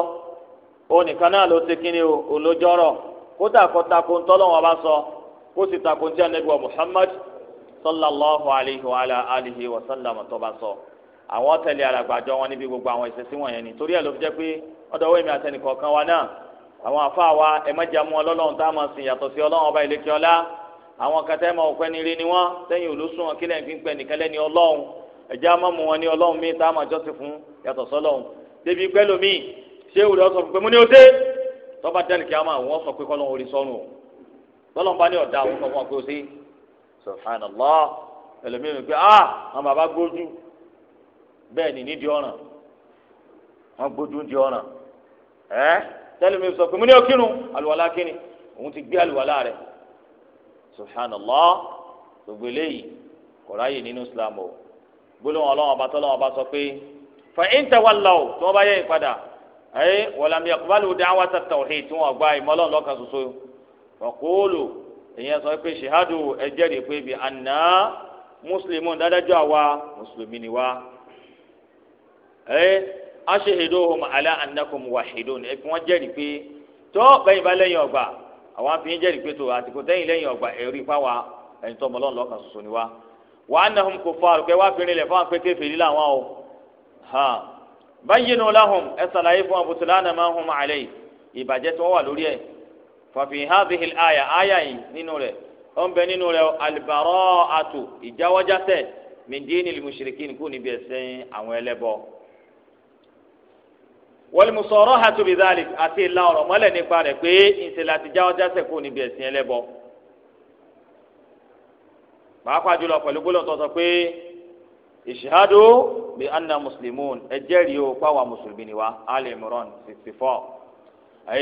onìkan náà ló ṣe kíni olójọ́rọ̀ kódà kó tako ń tọ́lọ́ wọn bá sọ kó sì tako ń tí anabi wa Muhammad sallallahu alayhi wa alihi wa sallam tó bá sọ àwọn tẹ̀lé alàgbàjọ wọn níbi gbogbo àwọn ìṣesí wọ̀nyẹn ni torí ẹ̀ ló fi jẹ́ pé ọ̀dọ̀ owó èmi àtẹnìkọ̀ọ̀kan wa náà àwọn àfa wa ẹ má jẹ́ mú ọlọ́run tá a máa sìn yàtọ̀ sí ọlọ́run ọba ìlẹ́kẹ́ ọlá àwọn kẹtẹ ẹ máa ọ̀pẹ́ ní rí ni wọ́n sẹ́yìn olóṣù wọn kílẹ̀ ń fi ń pẹ́ nìkan lẹ́ni ọlọ́run ẹ̀jẹ̀ á má mú wọn ní ọlọ́run míì tá a máa jọ́sìn fún yàtọ̀ sọ́lọ́run débi pẹ́lómi ṣé òde ọ̀sọ̀ fún pé mo ní o dé tọ́ba dẹ́lì kí a máa wọ́n sọ pé kọ́ lọ́wọ́ orí sọ́nù o tọ́lọ́n bá ní ọ̀dà àwọn ọmọ wọn pé o ṣe subhanallah ẹlòmíì mi pé ah àwọn bàbá gbójú bẹ́ẹ̀ ni nídìí ọ̀ràn wọ́n gbójú di ọ̀ràn ẹ́ tẹ́lẹ̀ sọ pé mo ní o kírun àlùwàlá kíni òun ti gbé àlùwàlá rẹ̀ subhanallah gbogbo eléyìí kò nínú islam o gbólóhùn ọlọ́wọ́n ọba tọ́lọ́wọ́n pé fa in tawallaw tí wọ́n bá yẹ ìpadà ayé walam yaqbalu da'wata tawhid tí wọ́n gba ìmọ̀lọ́n lọ́kàn ṣoṣo faqulu èyàn sọ pé ṣèhádù ẹjẹ́rìí pé bí àná mùsùlùmí dádájọ́ àwa mùsùlùmí ni wá ayé aṣèhìdóhùn ala annakum wahidun ẹ fi wọ́n jẹ́rìí pé tó bẹ́yìn bá lẹ́yìn ọgbà àwọn afi ń jẹ́rìí pé tó àtìkò tẹ́yìn lẹ́yìn ọgbà ẹ̀rí fáwa ẹ̀yìn tó mọ̀lọ́n lọ́kàn ṣoṣo ni wá wàá nahum kuffar pé wá fi rinlẹ̀ fáwọn pé kéfèé lílà wọn o. ha bayyinu lahum ẹ fun fún abutulana ma hum alayhi ìbàjẹ́ tí wọ́n wà lórí ẹ̀ fàfi hadhihi al-aya aya ninu re rẹ̀ ó ń bẹ nínú rẹ̀ min dinil mushrikin kú níbi ẹ̀sìn awon elebo wal musarahatu bidhalik àti ìlà ọ̀rọ̀ mọ́lẹ̀ nípa rẹ̀ pé ìṣẹ̀lẹ̀ àti jáwọ́jásẹ̀ kú níbi ẹ̀sìn ẹlẹ́bọ. pàápàá jùlọ ìṣèhádó bí anna mùsùlùmún ẹ jẹ́rìí o pàwọn mùsùlùmí ni wa ali imran sixty four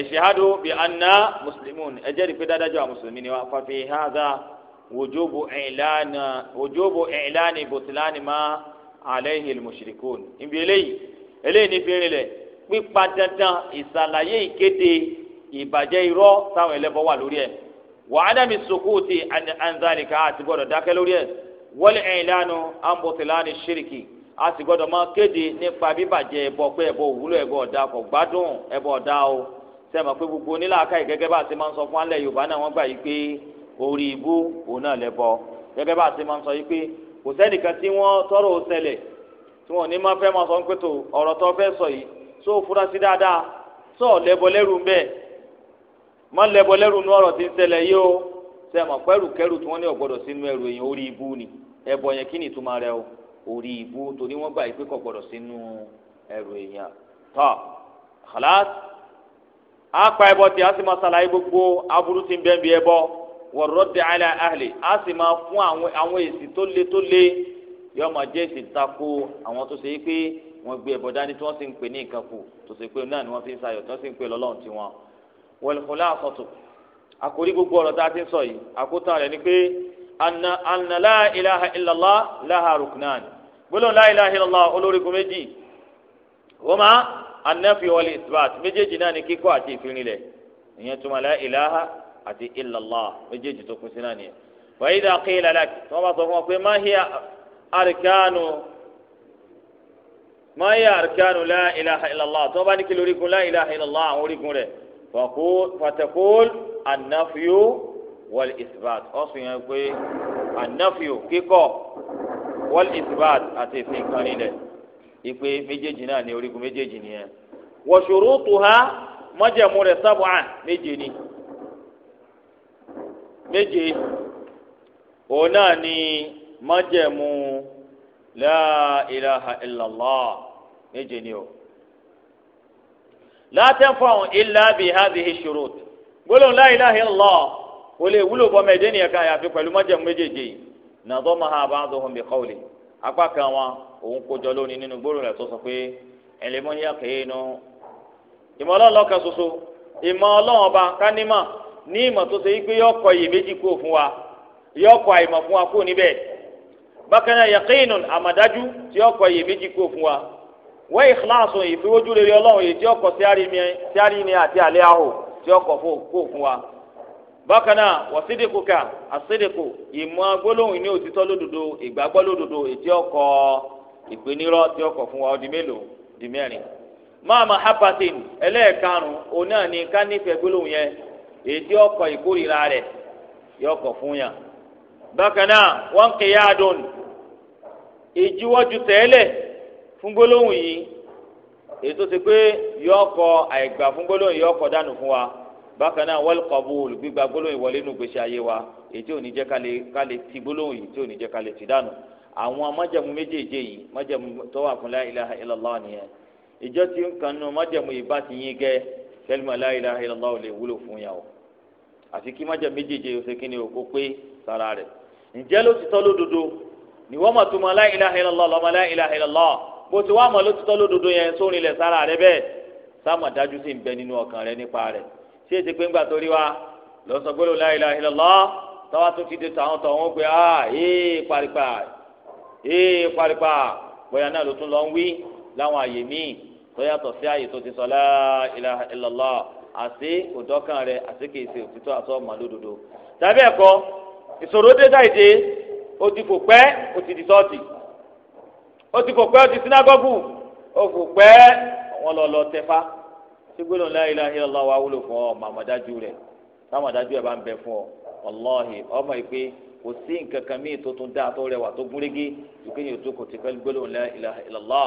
ìṣèhádó bí anna mùsùlùmún ẹ jẹ́rìí pé dáadájọ́ àwọn mùsùlùmí ni wa fàfi hàdà wòjóbó ìlànà wòjóbó ìlànà bòtìlánì má àlẹ́hìn mùsùlùmún ìbí eléyìí eléyìí ní fèrè lẹ̀ pípa dandan ìsàlàyé ìkéde ìbàjẹ́ irọ́ táwọn ẹlẹ́bọ wà lórí ẹ̀ wàhálà mi sòkòtì àǹzálìkà àti gbọ́dọ̀ dákẹ́ lórí ẹ̀ wọ́lẹ̀ ẹ̀yìnlánu ambọ̀tìláni ṣíríkì a sì gbọ́dọ̀ máa kéde nípa bíbàjẹ́ ẹbọ pé ẹbọ òwúlò ẹbọ ọ̀dà kò gbádùn ẹbọ ọ̀dà o sẹ́mi pé gbogbo onílàákà yìí gẹ́gẹ́ bá a ti máa ń sọ fún alẹ́ yorùbá náà wọ́n gbà yìí pé orí ibú òun náà lẹ́bọ gẹ́gẹ́ bá a ti máa ń sọ yìí pé kò sẹ́nìkan tí wọ́n tọrọ ṣẹlẹ̀ tí wọ́n ní máa fẹ́ máa sọ pé tó ọ̀rọ̀ tó fẹ́ sọ yìí tó fura sí dáadáa tó lẹ́bọ lẹ́rù ń bẹ́ẹ̀ má lẹ́bọ lẹ́rù nú ọ̀rọ̀ tí ń ṣẹlẹ̀ yìí o sẹ́mi ọ̀pẹ́rù kẹ́rù tí wọ́n ní ọ̀gbọ́dọ̀ sínú ẹrù èèyàn orí ibú ni ẹbọ yẹn kí ni ìtumọ̀ rẹ̀ o orí ibú torí wọ́n gbà pé kò gbọ́dọ̀ sínú ẹrù èèyàn tọ́ khalas á pa ẹbọ tí a sì máa ṣàlàyé gbogbo aburú tí ń bẹ́ẹ̀ bí ẹbọ wọ̀rọ̀dẹ̀ ala ahli á sì máa fún àwọn èsì tó le tó le yóò máa jẹ́ èsì tako àwọn tó ṣe pé wọ́n gbé ẹbọ dání tí wọ́n sì ń pè ní nǹkan kù tó ṣe pé náà ni wọ́n fi ń sayọ̀ tí wọ́n sì ń pè lọ́lọ́run tiwọn wal khulasatu àkórí gbogbo ọ̀rọ̀ tá a ti ń sọ yìí àkótán rẹ̀ ni pé anna anna la ilaha illallah laha ruknan gbólóhùn la ilaha illallah olórígun méjì wọ́n máa annafi wal isbat méjèèjì náà ni kíkọ́ àti ìfirinlẹ̀ ìyẹn túmọ̀ la ilaha àti illallah méjèèjì tó kún sí náà nìyẹn wa idha qila lak tí wọ́n bá sọ fún ọ pé ma hiya arkanu ma la ilaha illallah tí bá ní kí lórígun la ilaha illallah àwọn orígun rẹ̀ fatakul anafiyo wal isbat ọsùn yẹn pé anafiyo kíkọ wal isbat àti ìfìkan nílẹ̀ ìpè méjèèjì náà ní orígun méjèèjì nìyẹn wa shurutuha májẹ̀mú rẹ̀ sábàá méje ni méje òun náà ni májẹ̀mú la ilaha méje ni o. la tanfa'u illa bi hadhihi shurut gbólóhùn la ilaha illallah kò lè wúlò bọ́mọ ẹ̀dẹ́ nìyẹn kan àyàfi pẹ̀lú májẹ̀mú méjèèjì yìí nadamaha ba'duhum bi qawli apá kan wọn òun kójọ lónìí nínú gbólóhùn rẹ̀ tó sọ pé ilmun yaqinu ìmọ̀ ọlọ́ọ̀lọ́ kan ṣoṣo ìmọ̀ ọlọ́wọ́n ọba kánímọ̀ ní ìmọ̀ tó ṣe wípé yọ ọkọ̀ yìí méjì kúrò fún wa wọ́n ìkíláàsù ìfiwójú ọlọ́run èyí tí ọkọ̀ sí àríyìn àti àlẹ́ àhò tí ọkọ̀ fún wa. bákan wọ́n sídìkù ká àsídìkù ìmọ̀ gbólóhùn ní òtítọ́ lódodo ìgbàgbọ́ lódodo èyí ọkọ̀ ìpínirọ́ tí wa mélòó di mẹ́rin. ma hapatin ẹlẹ́ẹ̀karùn-ún òun náà ni ká nífẹ̀ẹ́ gbólóhùn yẹn èyí ọkọ̀ ìkórìíra rẹ̀ fún yàn. wọ́n fún gbólóhùn yìí èyí tó ti pé yọ kọ àìgbà fún gbólóhùn yọ kọ dànù fún wa bákan náà wal qabul gbígba gbólóhùn ìwọlé nù gbèsè ayé wa èyí tí ò ní jẹ́ ká lè ti gbólóhùn yìí tí ò ní jẹ́ ká lè ti dànù àwọn májẹ̀mú méjèèjì yìí májẹ̀mú tó wà fún la ilaha illallah nìyẹn ìjọ tí ń kan nù májẹ̀mú yìí bá ti yín gẹ́ kẹlímà la ilaha illallah ò lè wúlò fún yà o àti kí májẹ̀mú méjèèjì yìí ó ṣe kí ni òkú pé sára rẹ̀ ǹjẹ́ ló ti tọ́ lódodo ni wọ́n mọ̀ tó mọ la ilaha illallah lọ́mọ la ilaha bó ti wá mọ̀ lótìtọ́ lódodo yẹn sórin ilẹ̀ sára rẹ bẹ́ẹ̀ sáàmù dájú sí ń bẹ nínú ọkàn rẹ nípa rẹ ṣé èsì pé ńgbà torí wa lọ́sọ̀ gbọ́dọ̀ la ilaha illallah tọ́wá tó fi de tàwọn tọ̀ wọ́n pé a ah, ee eh, paripa ee eh, paripa bóyá náà ló tún lọ ń wí láwọn àyè míì tó yàtọ̀ sí àyè tó ti sọ la ilaha illallah àti òdọ́kàn rẹ àti kì í ṣe òtítọ́ àti ọmọ lódodo tàbí ẹ̀kọ́ ìṣòro dé dáìde ó ti fò pẹ́ ó ti di sọ́ọ̀tì ó ti kò pẹ́ ó ti sinagogu ó kò pẹ́ wọn lọ lọ tẹfa tí gbólóhùn la ilaha illallah wa wúlò fún ọ màmọ́dájú rẹ̀ támọ̀dájú ẹ̀ bá ń bẹ fún ọ wàláhì ọmọ ìpè kò sí nǹkan kan míì tó tún dáa tó rẹwà tó gúnrégé ìkéyìn ètò kò ti pẹ́lú gbólóhùn la ilaha illallah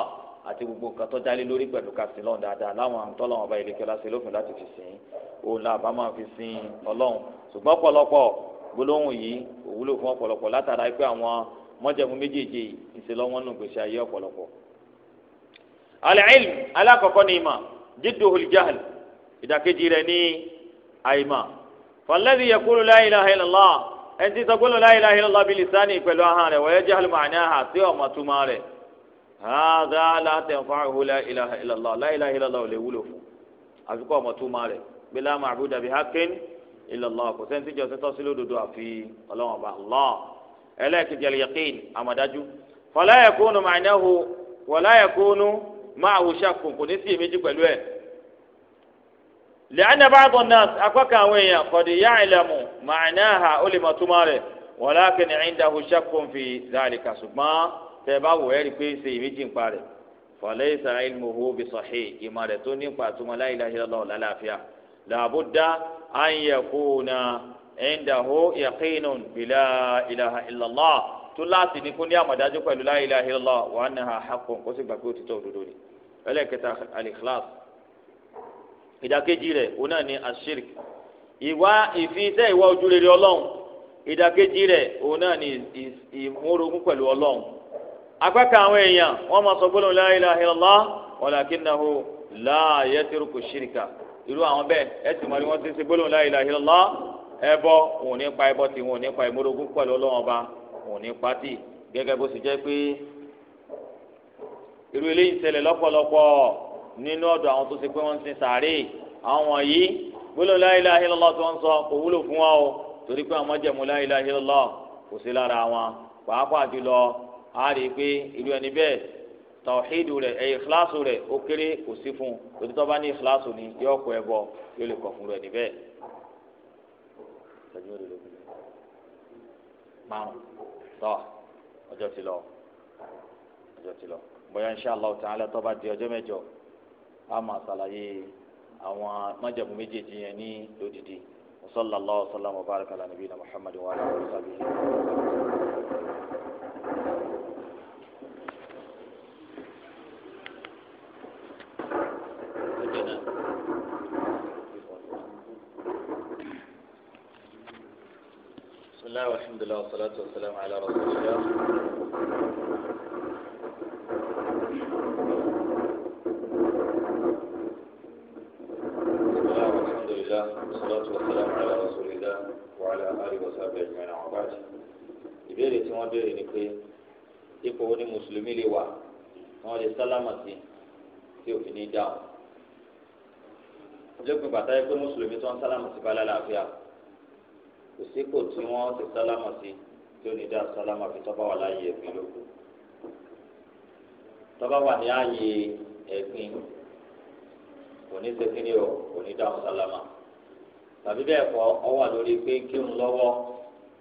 àti gbogbo nǹkan tó dálé lórí pẹ̀lú kásìn lọ́n dáadáa láwọn àwọn tọ́lọ́wọ́n ọba ìlẹ́kẹ́ lásì lófin láti fi sìn òun là bá máa fi sìn ọlọ́run ṣùgbọ́n ọ̀pọ̀lọpọ̀ gbólóhùn yìí òwúlò fún ọ̀pọ̀lọpọ̀ látara pé àwọn mọ́jẹ̀mú méjèèjì ìṣèlọ́wọ́n nù gbèsè ayé ọ̀pọ̀lọpọ̀. al-ilm alákọ̀ọ́kọ́ ni ìmọ̀ jidduhul jahl ìdàkejì rẹ̀ ní àìmọ̀. falladhi yaqulu la ilaha illallah ẹni tí sọgbọ́n la ilaha illallah bi lisani pẹ̀lú ahọ́n rẹ̀ wa yajhalu ma'naha sí ọ̀mọ̀ túmọ̀ rẹ̀ hadha la tanfa'uhu la ilaha illallah la ilaha illallah ò lè wúlò fún àfikún ọ̀mọ̀ túmọ̀ rẹ̀ bí la ma'buda bihaqqin illallah kò sẹ́ni ẹlẹ́ẹ̀kejì al-yaqin àmọ̀dájú fala yakunu ma'nahu wala yakunu ma'ahu shakkun kò ní sí èméjì pẹ̀lú ẹ̀. li'anna ba'd an-nas akọ́kọ́ àwọn èèyàn qad ya'lamu ma'naha ó lè mọ̀ túmọ̀ rẹ̀ walakin 'indahu shakkun fi dhalika ṣùgbọ́n tẹ́ bá wò ẹ́rì pé ṣe èméjì ń parẹ́ falaysa 'ilmuhu bi indahu yaqinun bila ilaha illallah tó láti ní kó ní àmọ̀dájú pẹ̀lú la ilaha illallah wa annaha haqqun kó sì gbàgbé òtítọ́ òdodo ni ẹlẹ́kẹta al-ikhlas ìdàkejì rẹ̀ òun náà ni ashirk ìwà ìfiṣẹ́ ìwà ojúrere ọlọ́run ìdàkejì rẹ̀ òun náà ni ìmúrogún pẹ̀lú ọlọ́run apá kan àwọn èèyàn wọ́n máa sọ gbólóhùn la ilaha illallah walakinnahu la yatruku shirka irú àwọn bẹ́ẹ̀ ẹ eh, sì mọ̀ ní wọ́n ti ṣe la ilaha illallah ẹbọ wọn ò ní pa ẹbọ tí wọn ò ní pa ìmúrogún pẹ̀lú ọlọ́run ọba wọn ò ní pa tì gẹ́gẹ́ bó ṣe jẹ́ pé irú eléyìí ṣẹlẹ̀ lọ́pọ̀lọpọ̀ nínú ọ̀dọ̀ àwọn tó ṣe pé wọ́n ń sin sàárè àwọn wọ̀nyí gbólóhùn la ilaha illallah tó ń sọ kò wúlò fún wa o torí pé àwọn jẹ̀mú la ilaha illallah kò sí lára wọn pàápàá jùlọ a rí i pé irú ẹni bẹ́ẹ̀ tawhidu rẹ̀ ẹ̀yẹ ìkíláàsù rẹ̀ ó kéré kò sí fún un òtítọ́ bá ní ìkíláàsù ni yóò kọ ẹbọ yóò lè kọ̀ fún rẹ̀ níbẹ̀ ìṣẹ́jú òde lókun márùn tọ́ ọjọ́ ti lọ ọjọ́ ti lọ bóyá insha Allah ta'ala tó bá di ọjọ́ mẹ́jọ a máa ṣàlàyé àwọn májàmú méjèèjì yẹn ní lódìdí wa sallallahu wa sallam wa baraka الله والحمد لله والصلاة والسلام على رسول الله بسم الله والحمد لله والصلاة والسلام على رسول الله وعلى آله وصحبه أجمعين وبعد إبيري تمام بيري نكري يكوني مسلمي لوا تمام دي سلامة سي سيو في نيدا لكم بطا يكون مسلمي تمام سلامة سي بلا لا فيها kò sípò tí wọ́n ti sálámà sí tí ó ní dá sálámà fi tọ́ba wà láàyè ẹ̀gbin lóko tọ́ba wà ní ààyè ẹ̀gbin kò ní sẹ́kìnì o kò ní dá sálámà tàbí bẹ́ẹ̀ kọ́ ọ wà lórí pé kí n lọ́wọ́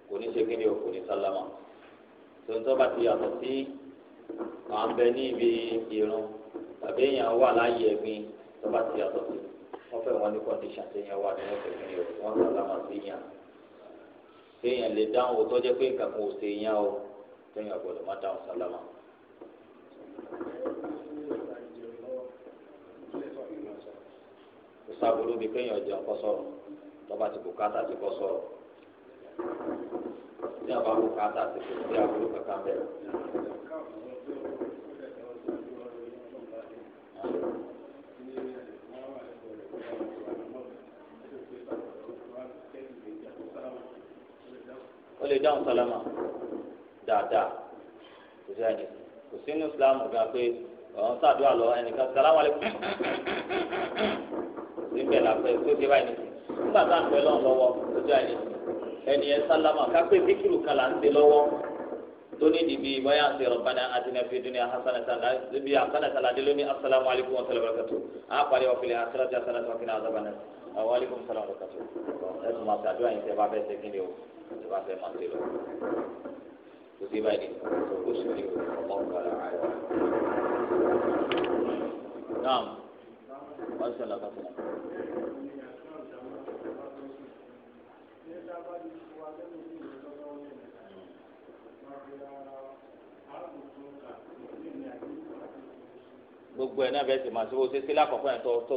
kò ní sẹ́kìnì o kò ní sálámà tó ń tọ́ba ti yàtọ̀ sí à ń bẹ ní ibi irun tàbí èèyàn wà láàyè ẹ̀gbin tọ́ba ti yàtọ̀ sí wọ́n fẹ́ wọn ní kọ́ndíṣàn tí èèyàn wà ní wọ́n sẹ́kìnì o wọ́n sálámà sí yàn téèyàn lè dáhùn o tọ́jẹ́ pé nǹkan kan ò ṣe yẹn o téèyàn gbọ́dọ̀ má dáhùn sálámà. kò sábúrú bíi kéèyàn jẹun kọ́ sọ̀rọ̀ tọ́ba ti kò káàtà ti kọ́ sọ̀rọ̀ tí a kò káàtà ti kò sí àbúrò kankan bẹ̀rẹ̀. ó lè dáhùn sálámà dáadáa kò sí àyè kò sí inú ìsìlámù gan pé ọ̀hún sàdúrà lọ ẹnìkan sálámù alẹ́ síbẹ̀ làpẹ́ tó dé báyìí nígbà tá à ń pẹ́ lọ́n lọ́wọ́ tó dé àyè ẹni ẹ sálámà kápẹ́ bíkìlù kan là ń ṣe lọ́wọ́ tó ní ìdìbí báyà ń ṣe rọ̀bánà àdínàfi dúnìá hasanata ládé lónìí asalaamu alaykum wa salaam barakatu a parí wa fìlẹ̀ asalatu asalatu wa kìnnà azabana wa alaykum salaam barakatu ẹ tún ma ṣe àdúrà yìí tẹ bá bẹ́ẹ̀ ṣe kí ni o tó bá fẹ́ máa ṣe lọ. kò sí báyìí tó kó sùn ní ọmọ ìgbàlá àìsàn. naam wọ́n sọ lọ́kàn fún wa. gbogbo ẹ náà bẹ́ẹ̀ sì máa ṣe bó ṣe sí yẹn tó tó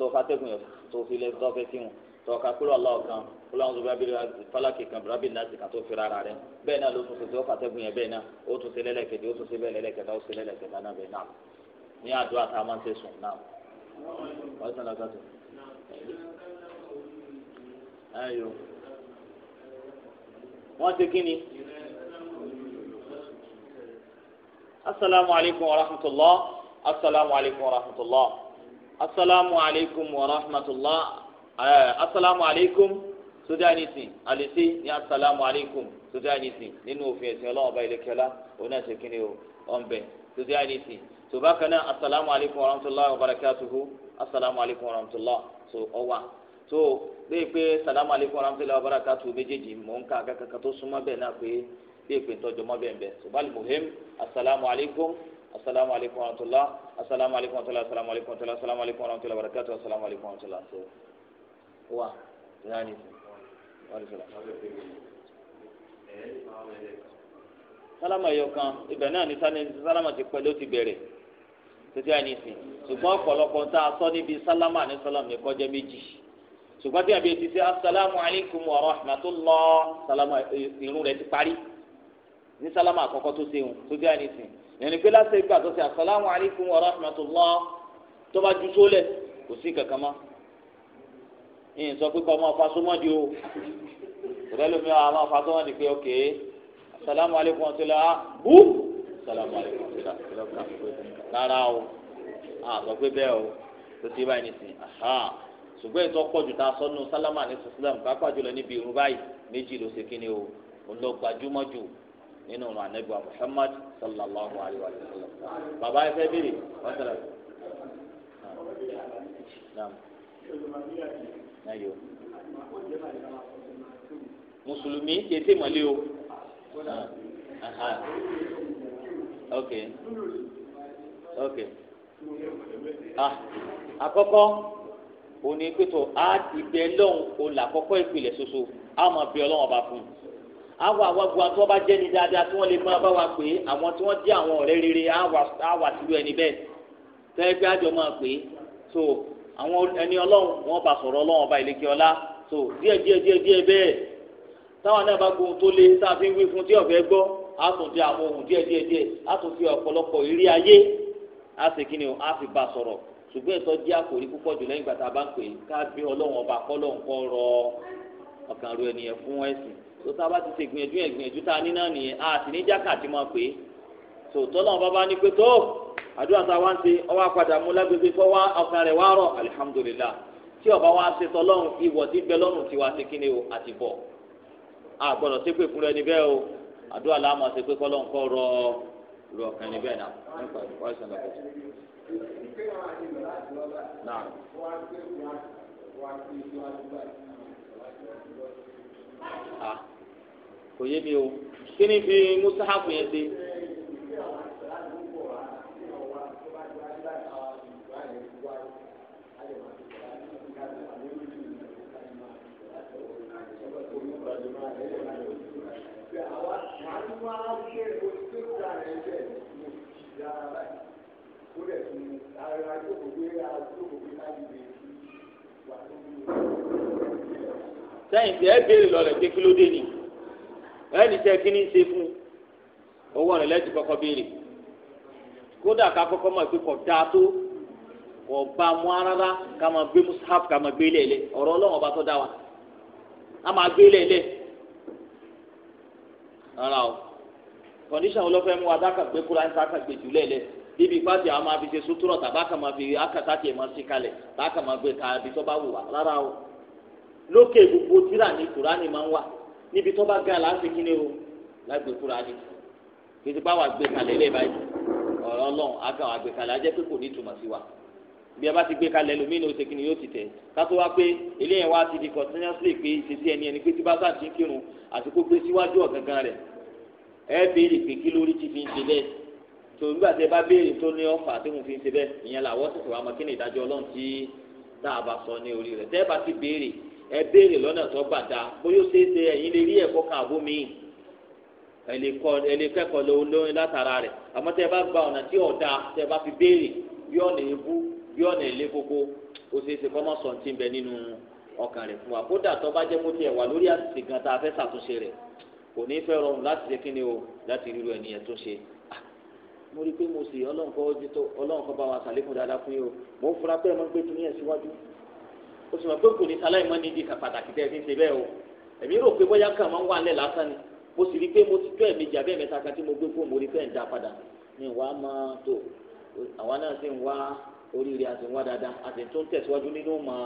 tó fatẹ́gùn yẹn tó fi lé tó fẹ́ sí wọn tó ọ̀ka kúrò ọlọ́ọ̀kan fúláwọn tó bá bí fálákì kan bírábì náà ti kà tó fira ara rẹ bẹ́ẹ̀ náà ló tún ṣe tó fàtẹ́gùn yẹn bẹ́ẹ̀ náà ó tún ṣe lẹ́lẹ́kẹ̀dẹ́ ó tún ṣe bẹ́ẹ̀ lẹ́lẹ́kẹ̀dá ó ṣe lẹ́lẹ́kẹ̀dá náà bẹ́ẹ̀ náà ní àdúrà tá a máa ń ṣe sùn náà. wọ́n sọ̀rọ̀ sọ́tò. ayò wọ́n ti kí asalaamualeykum wa asalaamualeykum wa asalaamualeykum wa rahmatulah asalaamualeykum sódíàní sìn àlèsí ní asalaamu aleykum sódíàní sìn nínú òfin ẹ̀sìn ọlọ́wọ́n ọba ìlẹ́kẹ́lá òun náà ṣe kíni o ọ̀nbẹ sódíàní sìn tó bá kan náà asalaamu aleykum wa rahmatulahi wa asalaamu aleykum wa rahmatulahi so tó bẹ́ẹ̀ pé salaamu aleykum wa rahmatulahi wa méjèèjì mò ń ka akẹ́kọ̀ọ́ tó súnmọ́ bẹ́ẹ̀ náà pé bẹ́ẹ̀ pé ntọ́jọ́ mọ́ bẹ́ẹ̀ wa rahmatulah asalaamu sálámà yọ kan ibẹ̀ náà ni sálámà ti pẹ́ ló ti bẹ̀rẹ̀ títí àìníṣe ṣùgbọ́n ọ̀pọ̀lọpọ̀ tá a sọ níbi sálámà ní sọlámù ní kọjá méjì ṣùgbọ́n tí àbí ti ṣe asalaamu alaykum wa rahmatulah sálámà irun rẹ̀ ti parí ní sálámà àkọ́kọ́ tó ṣe hùn títí àìníṣe ẹni pé lásìkò àtọ́sí asalaamu alaykum wa rahmatulah tó bá ju sólẹ̀ kò sí kankan mọ́ yìí sọ pé kọ́ ọmọ fasomọ́dì o ìrẹ́lómi àwọn ọmọ fasomọ́dì pé ok salamu aleykum ọ̀tẹ̀lá bú salamu aleykum ọ̀tẹ̀lá rárá o a sọ pé bẹ́ẹ̀ o tó ti báyìí nìsín ṣùgbọ́n ètò ọ̀pọ̀jù tá a sọ nù sálámà ní sàlámù pápá jùlọ níbi irun báyìí méjì ló ṣe kíni o lọ gbajúmọ̀ jù nínú ọ̀nà ànábì Muhammad sallallahu alayhi wa sallam bàbá ẹ fẹ́ bèrè wọ́n sọ̀rọ̀ náyọ. mùsùlùmí tètè mọ̀lẹ́ o. aha ok ok ah àkọ́kọ́ òní pẹ̀tọ̀ á ti bẹ lọ́hùn olè àkọ́kọ́ ìpìlẹ̀ ṣoṣo á máa bẹ ọlọ́wọ́n bá fún un àwọn àwàgbọ́ àti wọ́n bá jẹ́ ni dáadáa tí wọ́n lè máa bá wa pè é àwọn tí wọ́n jẹ́ àwọn ọ̀rẹ́ rere á wà sílùú ẹni bẹ́ẹ̀ tẹ́lẹ̀ pé àjọ máa pè é so àwọn ẹni ọlọ́run wọn bá sọ̀rọ̀ ọlọ́run ọba ìlẹ́kẹ́ ọlá tó díẹ̀ díẹ̀ díẹ̀ díẹ̀ bẹ́ẹ̀ táwọn náà bá gbóhùn tó lé tá a fi ń wí fún tí ọ̀fẹ́ gbọ́ á tún di àwọn ohun díẹ̀ díẹ̀ díẹ̀ á tún fi ọ̀pọ̀lọpọ̀ ìrí ayé á sì kí ni á fi bá sọ̀rọ̀ ṣùgbọ́n ìtọ́ jẹ́ àkòrí púpọ̀ jù lẹ́yìn gbàtà bá ń pè ká bí ọlọ́run ọba kọ́lọ́run kọ́ rọ ọkàn ro ènìyàn fún ẹ̀sìn tó a bá ti ṣe gbìyànjú ẹ̀ gbìyànjú tá bá bá ní pé tó àdúrà tá a wá ń ṣe ọwọ́ apàdà mú lágbègbè kọ́ wá ọkàn rẹ̀ wá rọ̀ alihamudulilá tí ọba wa ṣe tọlọ́run ìwọ̀ tí bẹ lọ́rùn tí wàá ṣe kíni o àti bọ̀ a gbọ́dọ̀ ṣe pé fúnra ẹni bẹ́ẹ̀ o àdúrà làá máa ṣe pé kọ́ lọ́nkọ́ rọ rọ ọkàn ẹni bẹ́ẹ̀ náà ah, kò yé mi o kí ni fi musahafu yẹn ṣe sẹ́yìn tí ẹ béèrè lọ rẹ̀ pé kí ló dé ni ẹnì tẹ́ kí ni ṣe fún owó rẹ̀ lẹ́tì kọ́kọ́ béèrè. kódà ká kọ́kọ́ máa gbé kọ̀ tó kọ̀ bá mú arára ká gbé mushaf ká gbé lẹ́lẹ́ ọ̀rọ̀ ọlọ́wọ́n bá tó dá wa á gbé lẹ́lẹ́ rárá o kọ̀ndíṣàn wo ló fẹ́ gbé kúrò àyíká ká gbé jù lẹ́lẹ́ bíbí pàṣẹ àwọn tàbá ṣe gbé ká bá wù wá rárá o lókè gbogbo tíra ń níbi tó ọ̀rọ̀ ọlọ́run agbáwọn àgbékalẹ̀ ajẹ́ pé kò ní ìtumọ̀ sí wa bí a bá ti gbé kalẹ̀ lómi ní oṣèkìní yóò ti tẹ̀ kátó wá pé eléyẹn wá ti di continuously pé ìṣesí ẹni ẹni pé tí bá bá ti ń kírun àsìkò gbé síwájú ọ̀gangan rẹ̀ ẹ béèrè pé kí lórí ti fi ń ṣe bẹ́ẹ̀ tó nígbà tí ẹ bá béèrè tó ní ọ̀fà tí mo fi ń ṣe bẹ́ẹ̀ ìyẹn làwọ̀ tẹ̀sẹ̀ wá mọ́ kí ni ìdájọ́ ọlọ́run tí tá a bá sọ ní orí rẹ̀ tẹ́ bá ti béèrè ẹ béèrè lọ́nà tó gbà dá bóyá ó ṣeé lè rí ẹ̀kọ́ kan àbó ẹ̀ lè kẹ́kọ̀ọ́ lóyún látara rẹ̀ àmọ́ tẹ́ ẹ bá gba ọ̀nà tí ọ̀dà tẹ́ ẹ bá fi béèrè bí ọ̀nà ebú bí ọ̀nà èlé gbogbo ó ṣeé ṣe kọ́mọ́ sọ ti ń bẹ nínú ọkàn rẹ̀ fún wa kódà tó bá jẹ́ mọ́tì ẹ̀ wà lórí àṣìṣe gan tá a fẹ́ ṣàtúnṣe rẹ̀ kò ní fẹ́ rọrùn láti ṣe kíni o láti ríru ẹ̀nìyẹn tó ṣe ah, mo rí i pé mo sì ọlọ́run bá wa ṣàlékún dáadáa fún yín mo fura pé ẹ ń gbé tún yẹn síwájú ó sì mọ̀ pé kò ní mo sì rí i pé mo ti tó ẹ̀mejì abẹ́ mẹ́ta kan tí mo gbé fóònù orí fẹ́ẹ̀ dá padà ní wàá máa tó àwọn náà sì ń wá oríire àti ń wá dáadáa àti tó ń tẹ̀síwájú nínú mọ́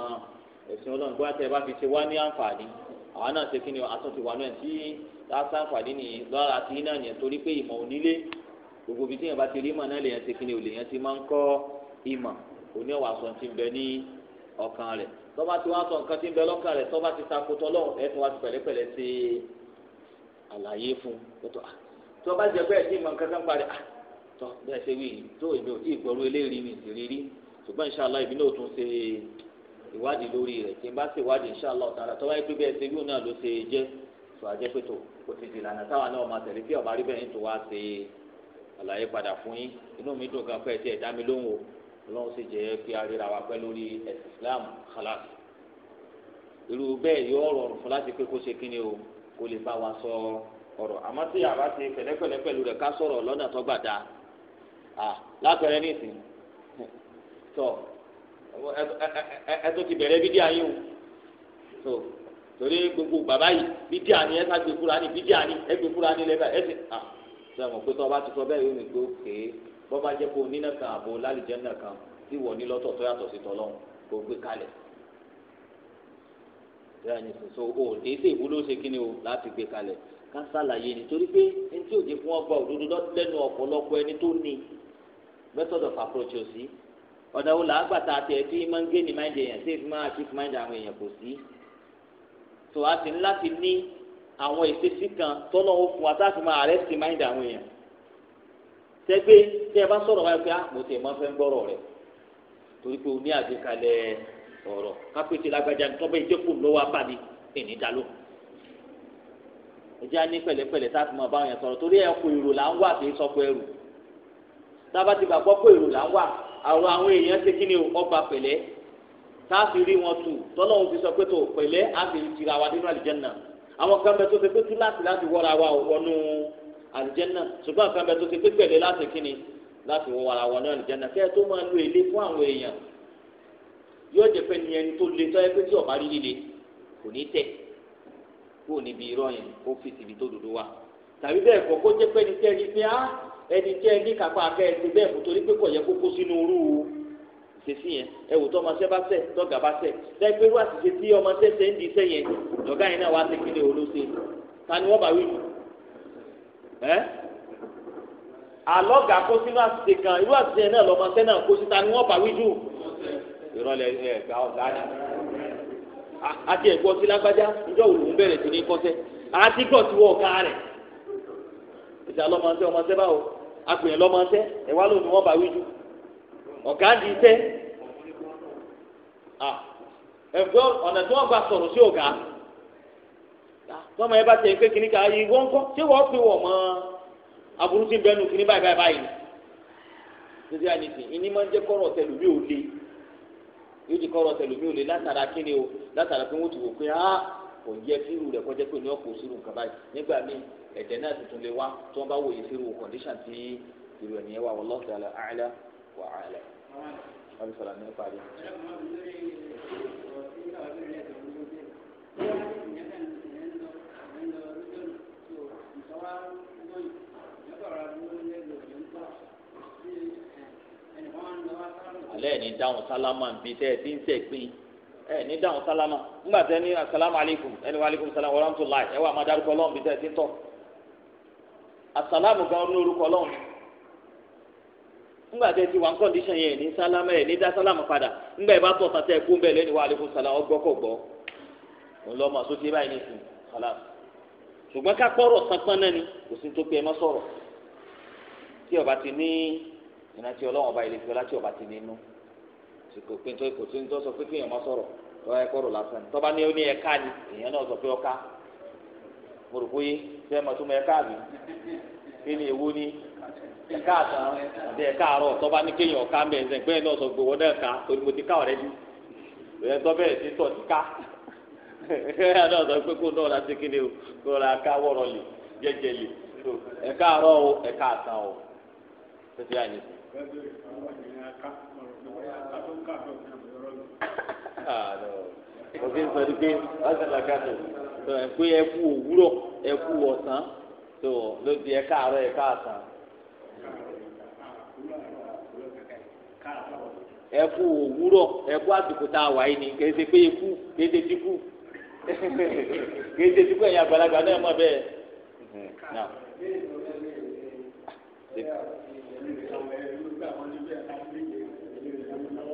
ẹ̀sìn ọlọ́run bóyá tẹ́ ẹ bá fi ṣe wá ní àǹfààní àwọn náà ṣe kí ni àtúntò wà náà tí láti àǹfààní nìyí lọ́ra àti iná yẹn torí pé ìmọ̀ onílé gbogbo ibi tí yẹn bá ti rí ìmọ̀ náà lè ṣe kí ni olè yẹn ti máa ń kọ́ ìmọ̀ òní ọ̀wà sọ̀ ti ń bẹ ní ọkàn rẹ̀ tọ́ba ti wá sọ nǹkan ti ń bẹ lọ́kàn rẹ̀ tọ́ba ti takotọ́ lọ́wọ́ ẹ̀ tún wá ti pẹ̀lẹ́pẹ̀lẹ́ ṣe àlàyé fún pẹ̀tọ́ à tí wọ́n bá jẹ pé ẹ̀sìn ìmọ̀ nǹkan kan parí à ah, tọ́ bẹ́ẹ̀ ṣe wí tó èmi ò tí ì gbọ́rú eléyìí mi sì rí rí ṣùgbọ́n inṣàlá èmi náà tún ṣe ìwádìí lórí rẹ̀ tí n bá ṣe ìwádìí inṣàlá ọ̀tara tọ́wá yẹ pé bẹ́ẹ̀ ṣe wíwọ́n náà ló ṣe jẹ́ tó a jẹ́ pé tó o ti di lànà táwa náà máa tẹ̀lé tí ọ̀bá rí bẹ́ẹ̀ ń tó wá ṣe àlàyé padà fún yín inú mi dùn gan pé ẹtí ẹ̀dá mi lóhùn a ríra wa pẹ́ lórí ẹ̀sìn Islam khalas irú bẹ́ẹ̀ yóò rọrùn fún láti pé kó lè bá wa sọ ọ̀rọ̀ àmọ́ tí a bá ṣe pẹ̀lẹ́pẹ̀lẹ́ pẹ̀lú rẹ̀ ká sọ̀rọ̀ lọ́nà tó gbà dáa lápẹẹrẹ nísìnyí tọ ẹtọ ti bẹ̀rẹ̀ bídíà yín o tó torí gbogbo bàbá yìí bídíà ni ẹ sáà gbé fúra ní bídíà ni ẹ gbé fúra ní lẹ́bàá ẹ ti à sọ wọn pé tó bá ti sọ bẹ́ẹ̀ yóò ní gbé òkè bọ́ bá jẹ́ kó nínà kan àbò lálìjẹ́ nínà kan tí wọ́n ní lọ́tọ̀ tó yàtọ̀ sí tọ́lọ́run kó kalẹ̀ bẹ́ẹ̀ ni sòso o kì í ṣe ìwúlò ṣe kí ni o láti gbé kalẹ̀ ká ṣàlàyé nítorí pé ẹni tí òde fún ọgbà òdodo lẹ́nu ọ̀pọ̀lọpọ̀ ẹni tó ní method of approach ò sí ọ̀dà wo làá gbàtà àti ẹ̀ tí máa ń gé ní mind èèyàn tí èèyàn máa keep mind àwọn èèyàn kò sí so a ti ní láti ní àwọn ìṣesí kan tọ́lọ́ ó fún wa tá a fi máa arrest mind àwọn èèyàn tẹ́gbẹ́ tí ẹ bá sọ̀rọ̀ wáyé pé ah mo tẹ̀ máa fẹ́ gbọ́rọ̀ rẹ̀ torí pé o ní àgbékalẹ̀ ọ̀rọ̀ kápẹ́tì lágbájá ní tọ́bẹ̀ ìjẹ́kù ló wá bá mi ìní dalo. ní pẹ̀lẹ́pẹ̀lẹ́ tá a fi máa bá wọn yẹn sọ̀rọ̀ torí ẹ̀kọ́ èrò là ń wà kì í sọ pé ẹrù tába ti gbàgbọ́ pé èrò là ń wà àwọn àwọn èèyàn ṣe kí ni ọgbà pẹ̀lẹ́ tá a fi rí wọn tù tọ́lọ́hún fi sọ pé tó pẹ̀lẹ́ á fi tira wa nínú àlìjẹ́nà àwọn kan bẹ tó ṣe pé tú láti láti wọra wa wọnú àlìjẹ́nà ṣùgbọ́n kan bẹ tó ṣe pé pẹ̀lẹ́ láti kí ni láti wọ wàrà wọnú àlìjẹ́nà kẹ́ ẹ tó máa lo èlé fún àwọn èèyàn yóò jẹ pé ní ẹni tó le tọ́ ẹ pé tí ọba rí líle kò ní tẹ̀ kó níbi irọ́ yẹn kó fi síbi tó dodo wa tàbí bẹ́ẹ̀ kọ́ kó jẹ́ pé ẹni tẹ́ ah, ẹni pé á ẹni tẹ́ ẹni kápá akẹ́ ẹni bẹ́ẹ̀ kó torí pé kò yẹ kó kó sínú orú ìṣesí yẹn ẹ wò tó ọmọọṣẹ́ bá ṣẹ̀ tọ́gà bá ṣẹ̀ lẹ́yìn pé wá ṣiṣẹ́ tí ọmọọṣẹ́ ṣe ń di iṣẹ́ yẹn lọ́gá yẹn náà wá ṣe kílẹ̀ olóṣè ta ni wọ́n bá wí alọ́gà kó sínú àṣìṣe kan irú àṣìṣe náà lọ́mọọṣẹ́ náà kó sí ta ni wọ́n bá wí jù ìrọ̀lẹ́ ẹ̀ gbà ọ̀ láàyè. àti ẹ̀gbọ́n sí lágbájá ìjọ òru ń bẹ̀rẹ̀ sí ní kọ́sẹ́ àti gbọ́ sí wọ́ọ̀ ká rẹ̀. ìjà lọ́mọọ̀sẹ́ ọmọọ̀sẹ́ báwo ẹ̀wá wọ́n bá wíjú ọ̀gá di iṣẹ́ ẹ̀gbọ́n ọ̀nà tí wọ́n gba sọ̀rọ̀ sí ọ̀gá tọ́mọ ẹ bá tẹ̀ pé wọ́n kọ́ yóò di kọ́rọ̀ tẹ̀lómi ò lè látara kíni o látara pé wọ́n ti wò pé á kò yẹ fíru rẹ̀ kọjá pé ní ọ̀pọ̀ òṣèlú nǹkan báyìí nígbà míì ẹ̀jẹ̀ náà tuntun lè wá tí wọ́n bá wòye sí irú kọ̀ndíṣàn tí irú ẹ̀ nìyẹn wà wallahu ta'ala a'la wa a'lam. alẹ́ ní dáhùn sálámà bíi tẹ́ ẹ ti ń tẹ̀ pín ẹ ní dáhùn sálámà nígbà tẹ́ ní asalaamu aleykum ẹni wa aleykum salaam wa rahmatulahi ẹ wà máa dárúkọ ọlọ́run bíi tẹ́ ẹ ti ń tọ̀ asalaamu gan ní orúkọ ọlọ́run nígbà tẹ́ ti wà ń kọ́ndíṣàn yẹn ní sálámà ẹ ní dá sálámà padà nígbà ẹ bá tọ̀ tàtẹ́ ẹ kú bẹ́ẹ̀ lẹ́ni wa aleykum salaam ọgbọ́ kọ̀ gbọ́ òun lọ́ iná tí ọlọ́wọ́n ọba ìlẹ́fẹ́ láti ọba ti nínú kò pé nítorí kò sí ní tó sọ pé kéèyàn má sọ̀rọ̀ tọ́ba ẹ̀kọ́ rò lásán tọ́ba ní ó ní ẹ̀ka ni èèyàn náà sọ pé ọ̀ka mo rò bóyé ṣé ẹ mọ̀ tó mọ ẹ̀ka mi kí ni èwo ni ẹ̀ka àtàn àti ẹ̀ka àárọ̀ tọ́ba ní kéèyàn ọ̀ka mẹ́ ẹ̀sẹ̀ pé ẹ̀ náà sọ pé wọ́n náà ka torí mo ti ká ọ̀rẹ́ bí ìyẹn tọ́ bẹ́ẹ̀ ti tọ̀ ti ká ẹ̀ náà sọ pé kó òfin ah, sọ ni pé ọ̀sẹ̀lákàtò tó ẹ̀ pé ẹkú òwúrọ̀ ẹkú ọ̀sán tó ni kìí pé ikú kìí ṣe dínkù [LAUGHS] kìí ṣe àgbàlagbà náà mọ̀ bẹ́ẹ̀.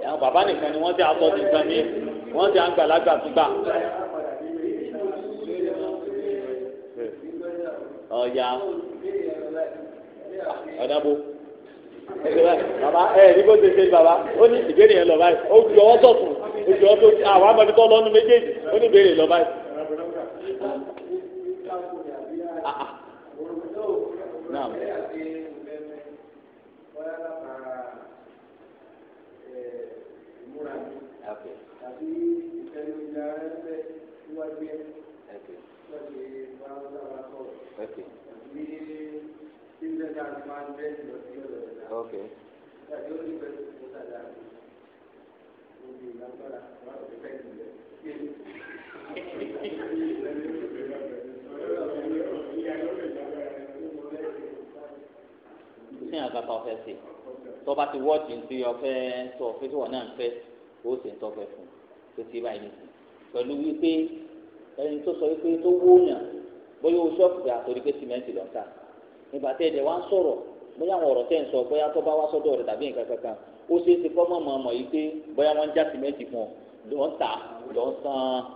àwọn bàbá nìkan ni wọ́n ti àtọ́ ti nǹkan mi wọ́n ti àgbàlagbà tó gbà. ọ̀ya ọ̀dàbò bàbá ẹ ní kó ṣe ṣe bàbá ó ní ìbéèrè yẹn lọ báyìí ó ju ọwọ́ sọ̀tún ó ju ọwọ́ tó àwọn amọ̀bí tó lọ́nu méjèèjì ó ní ìbéèrè lọ báyìí. Naam. Okay. sí àgbàtà ọ̀fẹ́ sí tó bá ti wọ́ọ̀tì ti ọ̀fẹ́ tó ọ̀fẹ́ tó wọ̀ náà ń fẹ́ ó sì ń tọ́fẹ́ fún tó ti báyìí nìyí pẹ̀lú wípé ẹni tó sọ wípé tó wóyàn bóyá o ṣọ́ọ̀kì gbà torí pé sìmẹ́ǹtì lọ ta ìgbà tẹ́ ẹ̀dẹ̀ wá ń sọ̀rọ̀ bóyá àwọn ọ̀rọ̀ tẹ́ ń sọ bóyá tó bá wá sọ́dọ̀ rẹ̀ tàbí nǹkan kankan ó ṣeé ṣe fọ́ mọ̀mọ́ ọmọ yìí pé bóyá wọ́n ń já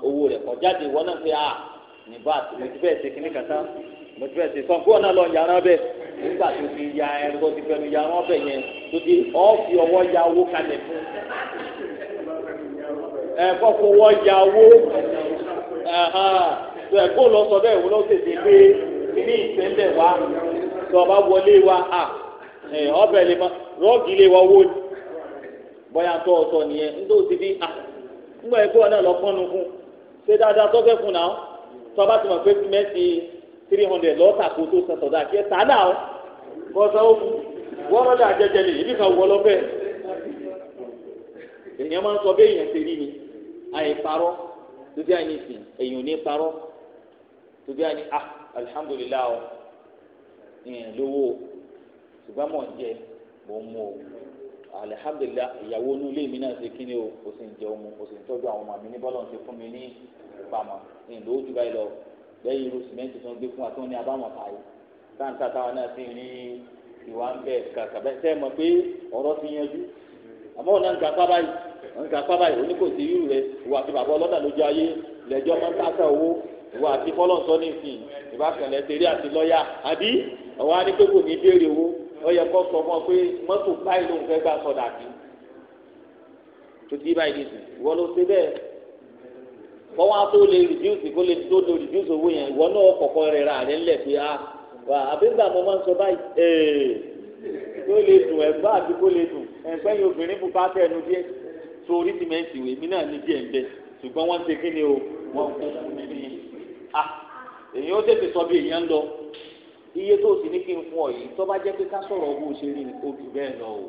owó rẹ̀ kọ́ jáde náà ah nígbà mo ti fẹ́ ṣe kàtá mo ti fẹ́ ṣe sọ ẹ̀gbọ́n lọ sọ bẹ́ẹ̀ wọ́n lọ tètè pé kíní ìtẹ́lẹ̀ wa wọlé wa à ọbẹ̀ lè ma rọ́ọ̀gì lè wa wó ni bọ́yá tó ọ̀tọ̀ nìyẹn ń ti bí à ńgbà fún ṣé dáadáa tọ́kẹ́ fún náà ti mọ̀ pé mẹ́sì lọ́ọ̀tà kó tó kí ẹ tà tóbi àyìn ìsìn èyàn ò ní parọ́ tóbi àyìn ah alihamudulilayi ọ ìyẹn lówó ṣùgbọ́n mọ̀ ń jẹ mọ̀ ń mú o alihamudulilayi ìyàwó inú ilé mi náà ṣe kí ni o kò sì ń jẹ ọmọ kò sì ń tọ́jú àwọn ọmọ mi ní bọ́lọ̀ ti fún mi ní ìpamọ́ ìyẹn lówó jù báyìí lọ lẹ́yìn irú sìmẹ́ǹtì tó ń gbé fún wa tó ní abáwọn ta táǹtà táwọn náà sì ń rí ìwà ń bẹ̀ kàkàbẹ́ sẹ́ẹ̀ mọ̀ pé ọ̀rọ̀ ti yanjú àmọ́ òun náà ń ga apá báyìí ń ga apá báyìí òní kò sí irú rẹ ìwà àti bàbá ọlọ́dà lójú ayé lẹ́jọ́ máa ń tàṣà owó ìwà àti fọlọ́ǹsọ ní ìsìn ìbá kẹlẹ̀ tẹ̀lé àti lọ́ọ̀yà àbí ọ̀wá ní pé kò ní béèrè owó ó yẹ kó sọ fún ọ pé mọ́tò báyìí ló ń fẹ́ gbà sọ̀dà sí tó ti báyìí ní ìsìn ìwọ ló ṣe bẹ́ẹ̀ kọ́ tó lè reduce kó lè tó lè reduce owó yẹn ìwọ náà kọ̀kọ́ rẹ̀ rà rẹ̀ ńlẹ̀ pé ah àbí gbà mo máa ń sọ báyìí ẹ̀ẹ́ kó lè dùn ẹ̀ bá àbí kó lè dùn ẹgbẹ́ yìí obìnrin bùkátà ẹnu díẹ̀ torí sìmẹ́ǹtì wèé mi náà ní díẹ̀ ń bẹ ṣùgbọ́n wọ́n ń kíni o wọ́n kú fún mi ní ah, èyí ó tètè sọ bí èyí ń lọ iye tó sì ní kí n fún ọ yìí tó bá jẹ́ pé ká sọ̀rọ̀ owó ṣe rí ni ó jù bẹ́ẹ̀ lọ o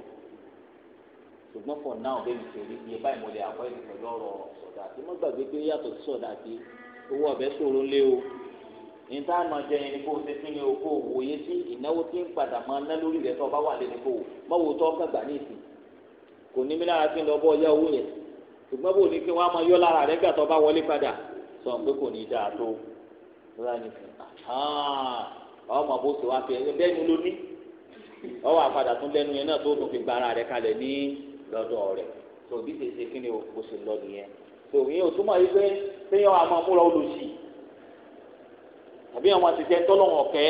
ṣùgbọ́n for now bẹ́ẹ̀ ṣe rí iye báyìí mo lè àkọ́ ìdìbò lọ́rọ̀ sọ̀dà tí mo gbàgbé pé yàtọ̀ sọ̀dà tí owó ọ̀bẹ ṣòro lé o níta àmọ́ jẹ yẹn ni kó o ṣe fún mi o kó o wòye sí ìnáwó tí ń padà máa ná lórí rẹ tó o bá wà lẹ́nu kó o mọ̀wò tó o gbàgbà ní ìsìn kò ní mí lára kí n lọ bọ́ ọyá owó yẹn ṣùgbọ́n bò ní kí wọ́n á máa yọ lára rẹ gbà tó bá wọlé padà sọ pé kò ní dáa tó lọ́la ní fún ọmọ bó ṣe wá fi ẹni lẹ́nu ló ní ọwọ́ àpadà tún lẹ́nu yẹn náà tó tún fi gba ara rẹ kalẹ̀ ní lọ́dọ̀ rẹ̀ tòbí ṣe ṣe kí ni o ṣe lọ nìyẹn tòbí yẹn ò túmọ̀ yìí pé téèyàn àmọ́ múra olùsí àbí àwọn àtijọ́ tọ́lọ́wọ̀n ọ̀kẹ́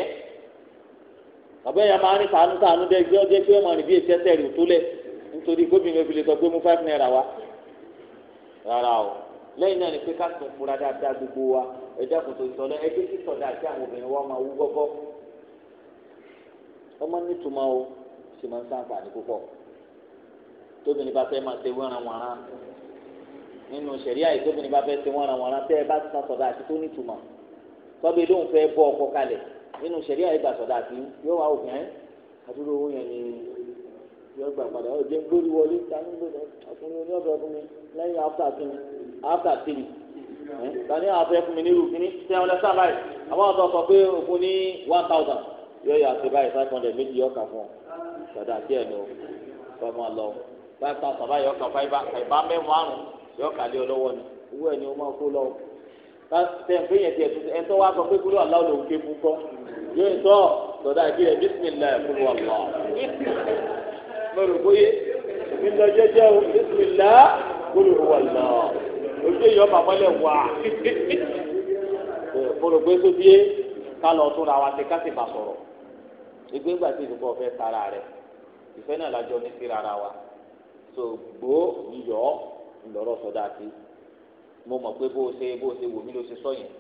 àbí ẹ̀yàn máa ń sànú sànú dẹ́ gbé ọjọ́ pé ọmọ rẹ̀ bí èsì ẹsẹ̀ rẹ̀ ò tó lẹ̀ nítorí gómìnà fi lè sọ pé mú five naira wá rárá o lẹ́yìn náà ni pé ká tún fura dáadáa gbogbo wa ẹ̀dá kò tó sọ lọ ẹgbẹ́ tí sọ̀dá àti àwọn obìnrin wa máa wú gọ́gọ́ ọmọ nítumọ̀ o sì máa ń ṣàǹfààní púpọ̀ tóbìnrin bá fẹ́ máa ṣe wọ́nranwọ̀nra nínú ṣẹ̀ríà yìí tóbìnrin bá fẹ́ ṣe wọ́nranwọ̀nra tẹ́ ẹ bá san sọ̀dá tọ́bi lóun fẹ́ bọ́ ọkọ kalẹ̀ nínú sẹ̀ríà ìgbà sọ̀dá àti yóò wá òkè ẹ́ àdúró owó yẹn ni yóò gbà padà ó jẹ́ gbórí wọlé tani gbórí ọkùnrin oní ọ̀fẹ́ fún mi lẹ́yìn after kini after three tani afẹ́ fún mi nílùú kini ten hundred star báyìí àwọn ọ̀dọ́ sọ pé òfin ní one thousand yóò yà sí báyìí five hundred méjì yóò kà fún ọ sọ̀dá àti ẹ̀ lọ fọmọ lọ five thousand báyìí yóò kà fún ẹ̀ bá mẹ́wàá àrùn yóò kà lé ọ lọ́wọ́ ni owó ẹ̀ ni ó máa kó lọ́wọ́ tẹ̀síǹfé yẹn tiẹ̀ tuntun ẹ̀ńtọ́ wa sọ pé kúrò aláwọ̀ ló ń ké fún kọ́ yóò ń tọ́ lọ́dà ìbí rẹ̀ bísímìláì fún wa lọ. mo rò bóyé nílò jẹjẹ o bísímìláì fún wa lọ. ojú èyí ọmọ àmọ́lẹ̀ wà. mo rò pé sóbi yé ká lọ tún ra wa ṣe ká sì bá sọ̀rọ̀. ìgbé ńgbà tí ìdúgbò ọ̀fẹ́ tara rẹ̀ ìfẹ́ náà lájọ ní sí rárá wa. so gbó iyọ̀ ńlọrọ̀ sọdá sí mo mọ̀ pé bó o ṣe bó o ṣe wò mí ló ṣe sọ yẹn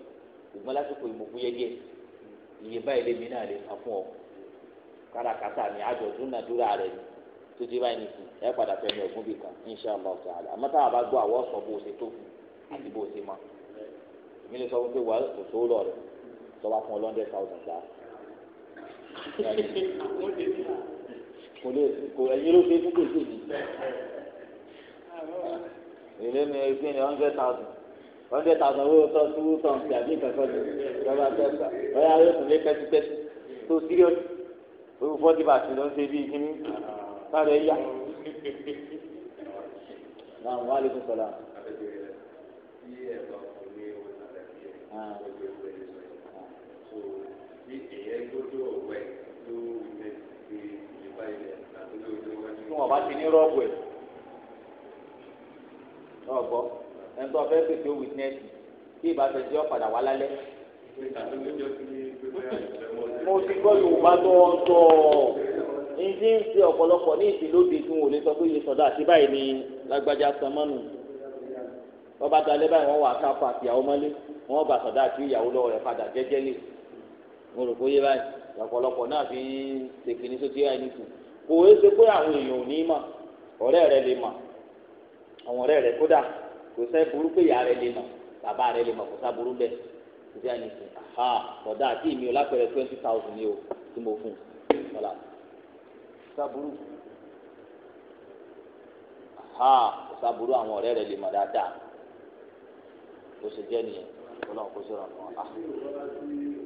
ṣùgbọ́n lásìkò ìmọ̀kú yẹgẹ iye báyìí lèmi náà lè san fún ọ káràkátà ni àjọ dúnàdúrà rẹ ni tó ti báyìí nìkú ẹ padà fẹ́ mi ọ̀gbọ́n bì kan inṣàlá ta'ala àmọ́ táwa bá gbọ́ àwọ̀ sọ bó o ṣe tó fún àti bó o ṣe mọ́ èmi lè sọ fún pé wà kò tó lọ rẹ tọ́wá fún ọlọ́ndẹ̀ thousand dá èlé ni ebi ni hundred thousand hundred thousand owó tó tó wú tán ti àbí kankan ní lọ́ba tẹ́sà lọ́yà yóò tún lé pẹ́tipẹ́ti tó serious owó forty bàtì ló ń ṣe bíi kíní sáré yá. náà wọ́n á lè fún sọ́lá. Tí wọ́n bá ti ní rọ́ọ̀bù ẹ̀ ọgbọ ẹnitọ fẹ pèsè ó witnẹsì tí ìbáfẹ tí ó padà wá lálẹ́. mo ti gbọ́ yorùbá tó ń sọ ìdí ń ṣe ọ̀pọ̀lọpọ̀ ní ìdílóde tí wọn ò lè sọ pé yìí sọdá àti báyìí ni lágbájá sanmọ́nù ọba dalẹ́ báyìí wọ́n wà káfọ́ àtìyàwó mọ́lé wọ́n bá sọdá àti ìyàwó lọ́wọ́ rẹ̀ padà jẹ́jẹ́ lè mo rò pé yé báyìí ọ̀pọ̀lọpọ̀ náà fi ń ṣèkìní sókè àìníkù kò é ṣe pé àwọn èèyàn ò ní mà ọ̀rẹ́ rẹ̀ lè mà àwọn ọ̀rẹ́ rẹ kódà kò sẹ́ burú pé ìyá rẹ lè mọ̀ bàbá rẹ lè mọ̀ kò sá burú bẹ́ẹ̀ ìdí àná ìsìn aha bọ̀dá àti ìmí o lápẹ̀rẹ̀ twenty thousand ni o tí mo fún un ọ̀la sá burú aha kò sá burú àwọn ọ̀rẹ́ rẹ lè mọ̀ dáadáa kò sì jẹ́ nìyẹn kó lọ́n kó sí ọ̀rọ̀ náà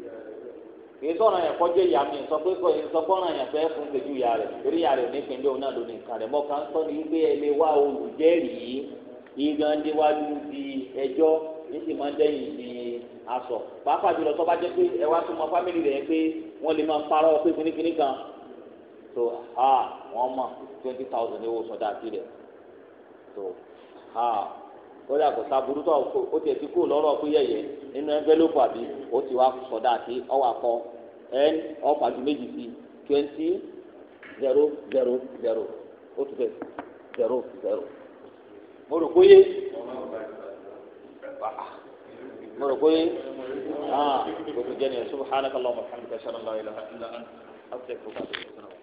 kì í sọ̀rọ̀ yẹn kọjá ìyá mi sọ pé kọ́ ẹni sọ fọ́nrán yẹn fẹ́ fún ìgbẹ́jú ìyá rẹ̀ torí ìyá rẹ̀ onípin lóun náà lónìí kan rẹ̀ mọ́kàn sọ ní pé ẹ lè wá olùjẹ́rìí igan déwájú di ẹjọ́ ní sì máa ń dẹ́yìn di aṣọ pàápàá jùlọ tó bá jẹ́ pé ẹ wá súnmọ́ fámìlì rẹ̀ pé wọ́n lè máa ń parọ́ pé kínníkínní kan so ha ah, wọ́n mọ̀ twenty thousand owó sọdá sílẹ̀ so ha. Ah. kódà kò sábúrú tó o tiẹ̀ ti kú lọ́rọ̀ pé yẹ̀yẹ̀ nínú ẹnvelope àbí o ti wá sọ̀dá àti ọwọ́ akọ ẹn ọ̀fàdù méjì sí twenty zero zero zero o tún zero zero. mo rò mo rò ah, o tún jẹ́ ni